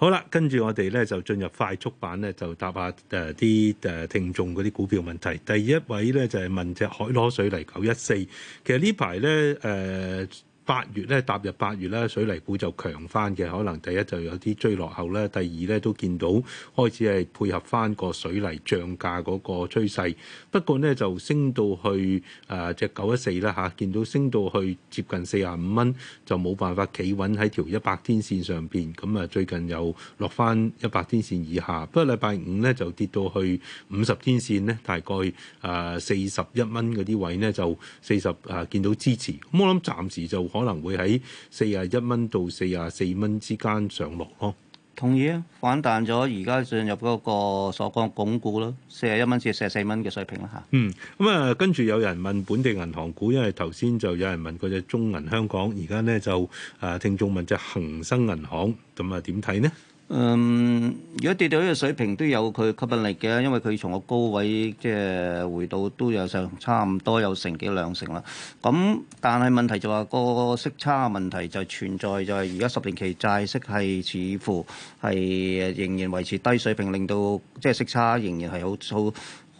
好啦，跟住我哋咧就進入快速版咧，就答下誒啲誒聽眾嗰啲股票問題。第一位咧就係問隻海螺水泥九一四，其實呢排咧誒。呃八月咧踏入八月咧，水泥股就強翻嘅。可能第一就有啲追落後咧，第二咧都見到開始係配合翻個水泥漲價嗰個趨勢。不過咧就升到去誒隻九一四啦吓，見到升到去接近四廿五蚊就冇辦法企穩喺條一百天線上邊，咁啊最近又落翻一百天線以下。不過禮拜五咧就跌到去五十天線咧，大概誒四十一蚊嗰啲位咧就四十誒見到支持。咁我諗暫時就。可能會喺四啊一蚊到四啊四蚊之間上落咯。同意啊，反彈咗，而家進入嗰個所講鞏固咯，四啊一蚊至四十四蚊嘅水平啦嚇。嗯，咁啊，跟住有人問本地銀行股，因為頭先就有人問嗰隻中銀香港，而家呢就啊，聽眾問隻恒生銀行，咁啊點睇呢？嗯，如果跌到呢個水平都有佢吸引力嘅，因為佢從個高位即係、就是、回到都有上差唔多有成幾兩成啦。咁但係問題就話、是、個息差問題就存在，就係而家十年期債息係似乎係仍然維持低水平，令到即係息差仍然係好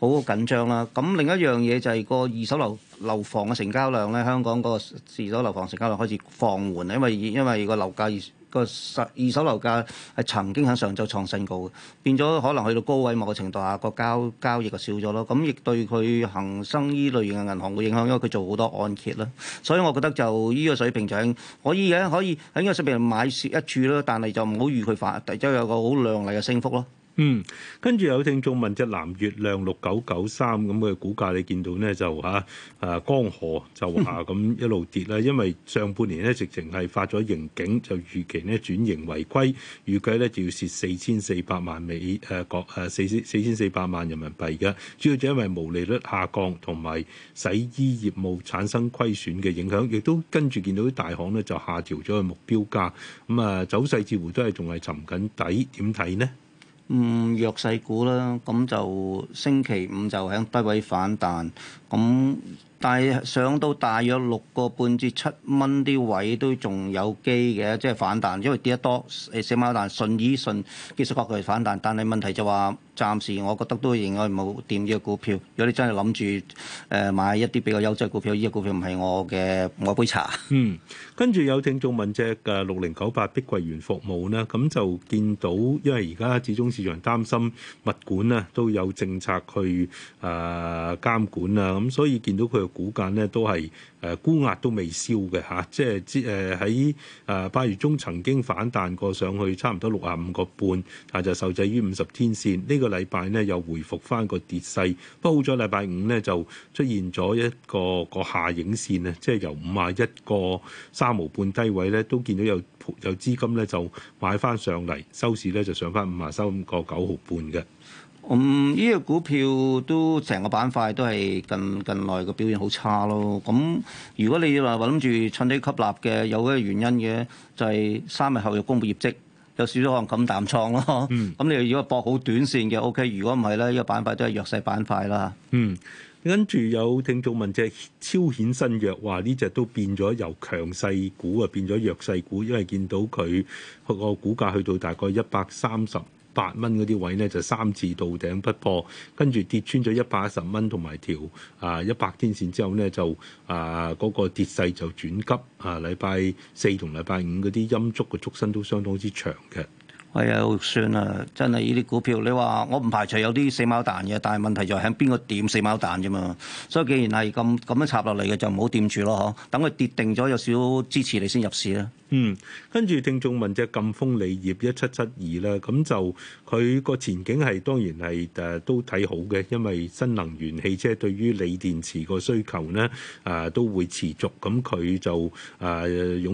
好好緊張啦。咁另一樣嘢就係個二手樓樓房嘅成交量咧，香港嗰個二手樓房成交量開始放緩，啊，因為因為個樓價。個十二手樓價係曾經喺上晝創新高，變咗可能去到高位某個程度下個交交易就少咗咯，咁亦對佢恒生依類型嘅銀行會影響，因為佢做好多按揭啦，所以我覺得就依個水平就可以嘅，可以喺呢個水平買一處咯，但係就唔好預佢發，即係有個好亮麗嘅升幅咯。嗯，跟住有聽眾問，隻藍月亮六九九三咁嘅股價，你見到呢，就嚇啊、呃、江河就下咁一路跌喇，因為上半年呢，直情係發咗盈警，就預期呢轉盈為虧，預計呢就要蝕四千四百萬美誒港誒四千四千四百萬人民幣嘅。主要就因為毛利率下降同埋洗衣業務產生虧損嘅影響，亦都跟住見到啲大行呢就下調咗目標價。咁、嗯、啊，走勢似乎都係仲係沉緊底，點睇呢？嗯，弱勢股啦，咁就星期五就喺低位反彈，咁但係上到大約六個半至七蚊啲位都仲有機嘅，即係反彈，因為跌得多，誒死貓彈順以順技術角度係反彈，但係問題就話、是。暫時我覺得都應該冇掂呢個股票。如果你真係諗住誒買一啲比較優質股票，呢個股票唔係我嘅我杯茶。嗯，跟住有聽眾問隻嘅六零九八碧桂園服務呢，咁就見到，因為而家始終市場擔心物管啊，都有政策去誒呃、監管啊，咁所以見到佢嘅股價呢都係誒估壓都未消嘅嚇、啊，即係之喺誒八月中曾經反彈過上去差唔多六啊五個半，但就受制於五十天線呢個。禮拜咧又回覆翻個跌勢，不過好在禮拜五咧就出現咗一個個下影線咧，即係由五廿一個三毫半低位咧，都見到有有資金咧就買翻上嚟，收市咧就上翻五廿三個九毫半嘅。嗯、呢、這個股票都成個板塊都係近近來個表現好差咯。咁如果你話諗住趁低吸納嘅，有一個原因嘅就係、是、三日後有公布業績。.有少少可能咁淡倉咯，咁你、嗯、如果博好短線嘅 OK，如果唔係咧，呢個板塊都係弱勢板塊啦。嗯，跟住有聽眾問隻超顯新藥話呢隻都變咗由強勢股啊變咗弱勢股，因為見到佢個股價去到大概一百三十八蚊嗰啲位咧就三次到頂不破，跟住跌穿咗一百一十蚊同埋條啊一百天線之後咧就啊嗰、呃那個跌勢就轉急啊！禮拜四同禮拜五嗰啲陰燭嘅燭身都相當之長嘅。係啊、哎，算啦，真係呢啲股票，你話我唔排除有啲死貓彈嘅，但係問題就係喺邊個點死貓彈啫嘛。所以既然係咁咁樣插落嚟嘅，就唔好掂住咯，嗬。等佢跌定咗有少支持你先入市啦。嗯，跟住聽眾問隻贛鋒鋰業一七七二啦，咁就佢個前景係當然係誒、啊、都睇好嘅，因為新能源汽車對於鋰電池個需求呢，誒、啊、都會持續，咁佢就誒擁、啊、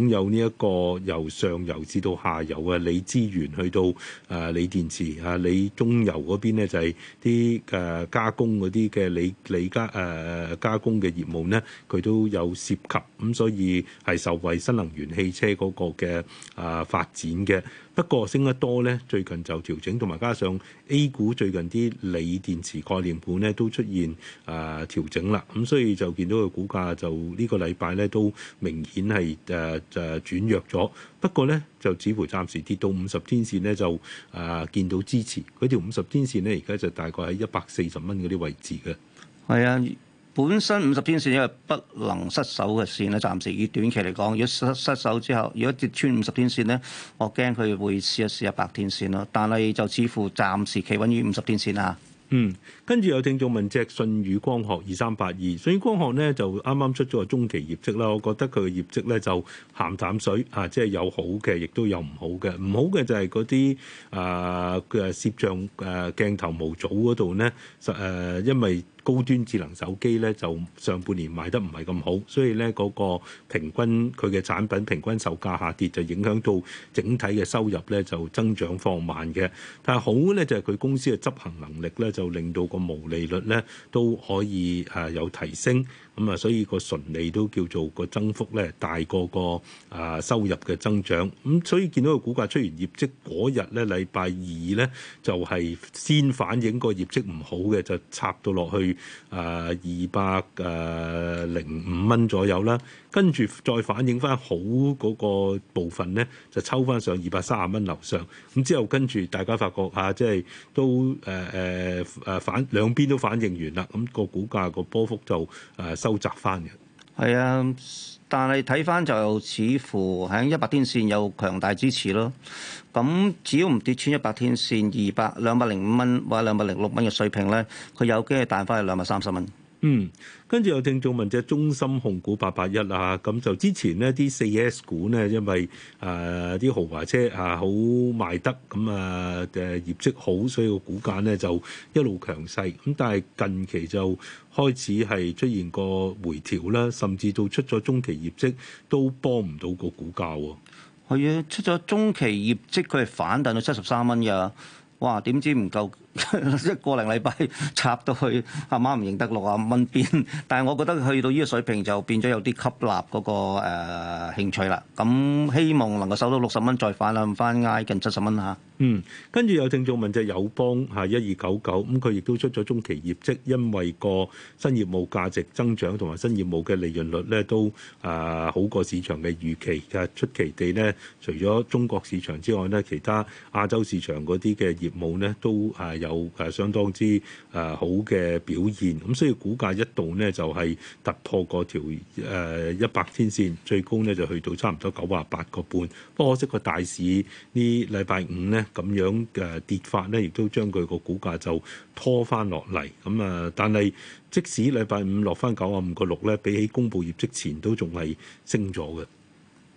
有呢一個由上游至到下游嘅鋰資源去到誒鋰、啊、電池啊鋰中游邊邊呢就係啲誒加工啲嘅鋰鋰加誒、啊、加工嘅業務呢，佢都有涉及，咁所以係受惠新能源汽車。嗰個嘅啊發展嘅，不過升得多咧，最近就調整，同埋加上 A 股最近啲鋰電池概念盤咧都出現啊調整啦，咁所以就見到股價個股價就呢個禮拜咧都明顯係誒誒轉弱咗。不過咧就似乎暫時跌到五十天線咧就啊見到支持，嗰條五十天線咧而家就大概喺一百四十蚊嗰啲位置嘅，係啊。本身五十天線因為不能失手嘅線咧，暫時以短期嚟講，如果失失手之後，如果跌穿五十天線咧，我驚佢會試一試一百天線咯。但係就似乎暫時企穩於五十天線啦。嗯，跟住有聽眾問：隻舜宇光學二三八二，舜宇光學咧就啱啱出咗個中期業績啦。我覺得佢嘅業績咧就鹹淡水啊，即係有好嘅，亦都有唔好嘅。唔好嘅就係嗰啲誒嘅攝像誒、呃、鏡頭模組嗰度咧，誒、呃、因為。高端智能手機咧就上半年賣得唔係咁好，所以咧嗰個平均佢嘅產品平均售價下跌，就影響到整體嘅收入咧就增長放慢嘅。但係好咧就係佢公司嘅執行能力咧就令到個毛利率咧都可以誒有提升。咁啊、嗯，所以個純利都叫做個增幅咧，大過個啊收入嘅增長。咁、嗯、所以見到個股價出完業績嗰日咧，禮拜二咧就係、是、先反映個業績唔好嘅，就插到落去誒二百誒零五蚊左右啦。跟住再反映翻好嗰個部分咧，就抽翻上二百三十蚊樓上。咁、嗯、之後跟住大家發覺啊，即係都誒誒誒反兩邊都反映完啦。咁、嗯、個股價個波幅就誒。呃收窄翻嘅，係啊，但係睇翻就似乎喺一百天線有強大支持咯。咁只要唔跌穿一百天線二百兩百零五蚊或者兩百零六蚊嘅水平咧，佢有機會彈翻去兩百三十蚊。嗯，跟住有聽眾問隻，中心控股八八一啊，咁就之前呢啲四 S 股呢，因為誒啲、呃、豪華車啊好、呃、賣得，咁啊誒業績好，所以個股價呢就一路強勢。咁但係近期就開始係出現個回調啦，甚至到出咗中期業績都幫唔到個股價喎。係啊，出咗中期業績，佢係反彈到七十三蚊㗎，哇！點知唔夠？ *laughs* 一個零禮拜插到去，阿媽唔認得六啊蚊邊，但係我覺得去到呢個水平就變咗有啲吸納嗰、那個誒、呃、興趣啦。咁希望能夠收到六十蚊再反向翻挨近七十蚊嚇。嗯，跟住有聽眾問隻友邦嚇一二九九，咁佢亦都出咗中期業績，因為個新業務價值增長同埋新業務嘅利潤率咧都誒好過市場嘅預期，嘅出奇地咧，除咗中國市場之外咧，其他亞洲市場嗰啲嘅業務咧都係有係相當之誒好嘅表現。咁所以股價一度呢，就係突破過條誒一百天線，最高呢就去到差唔多九啊八個半。不過可惜個大市呢禮拜五呢。咁樣嘅跌法咧，亦都將佢個股價就拖翻落嚟。咁啊，但係即使禮拜五落翻九啊五個六咧，比起公佈業績前都仲係升咗嘅。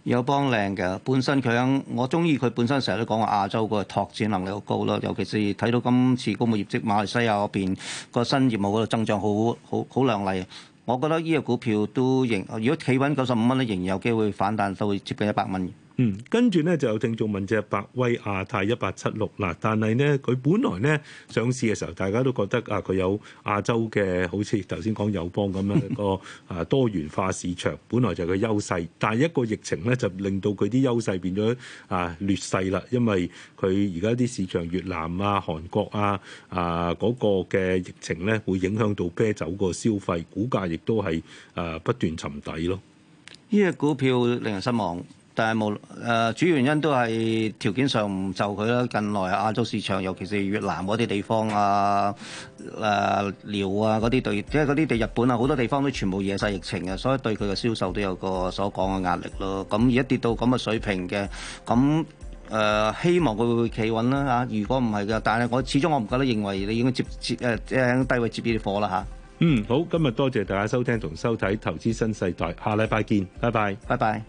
有幫靚嘅，本身佢響我中意佢，本身成日都講話亞洲個拓展能力好高咯。尤其是睇到今次公佈業績馬來西亞嗰邊個新業務嗰度增長好好好亮麗。我覺得呢個股票都仍，如果企穩九十五蚊咧，仍然有機會反彈都會接近一百蚊。嗯，跟住咧就有聽眾問隻百威亞太一八七六啦，但係呢，佢本來呢上市嘅時候，大家都覺得啊佢有亞洲嘅，好似頭先講友邦咁樣一個啊多元化市場，本來就係佢優勢，但係一個疫情呢，就令到佢啲優勢變咗啊劣勢啦，因為佢而家啲市場越南啊、韓國啊啊嗰個嘅疫情呢，會影響到啤酒個消費，股價亦都係啊不斷沉底咯。呢隻股票令人失望。但係無誒、呃，主要原因都係條件上唔就佢啦。近來亞洲市場，尤其是越南嗰啲地方啊、誒寮啊嗰啲地，即係啲地，日本啊好多地方都全部惹晒疫情啊，所以對佢嘅銷售都有個所講嘅壓力咯。咁而家跌到咁嘅水平嘅，咁誒、呃、希望佢會企穩啦嚇、啊。如果唔係嘅，但係我始終我唔覺得認為你應該接接誒喺、呃、低位接佢啲貨啦嚇。啊、嗯，好，今日多謝大家收聽同收睇《投資新世代》，下禮拜見，拜拜，拜拜。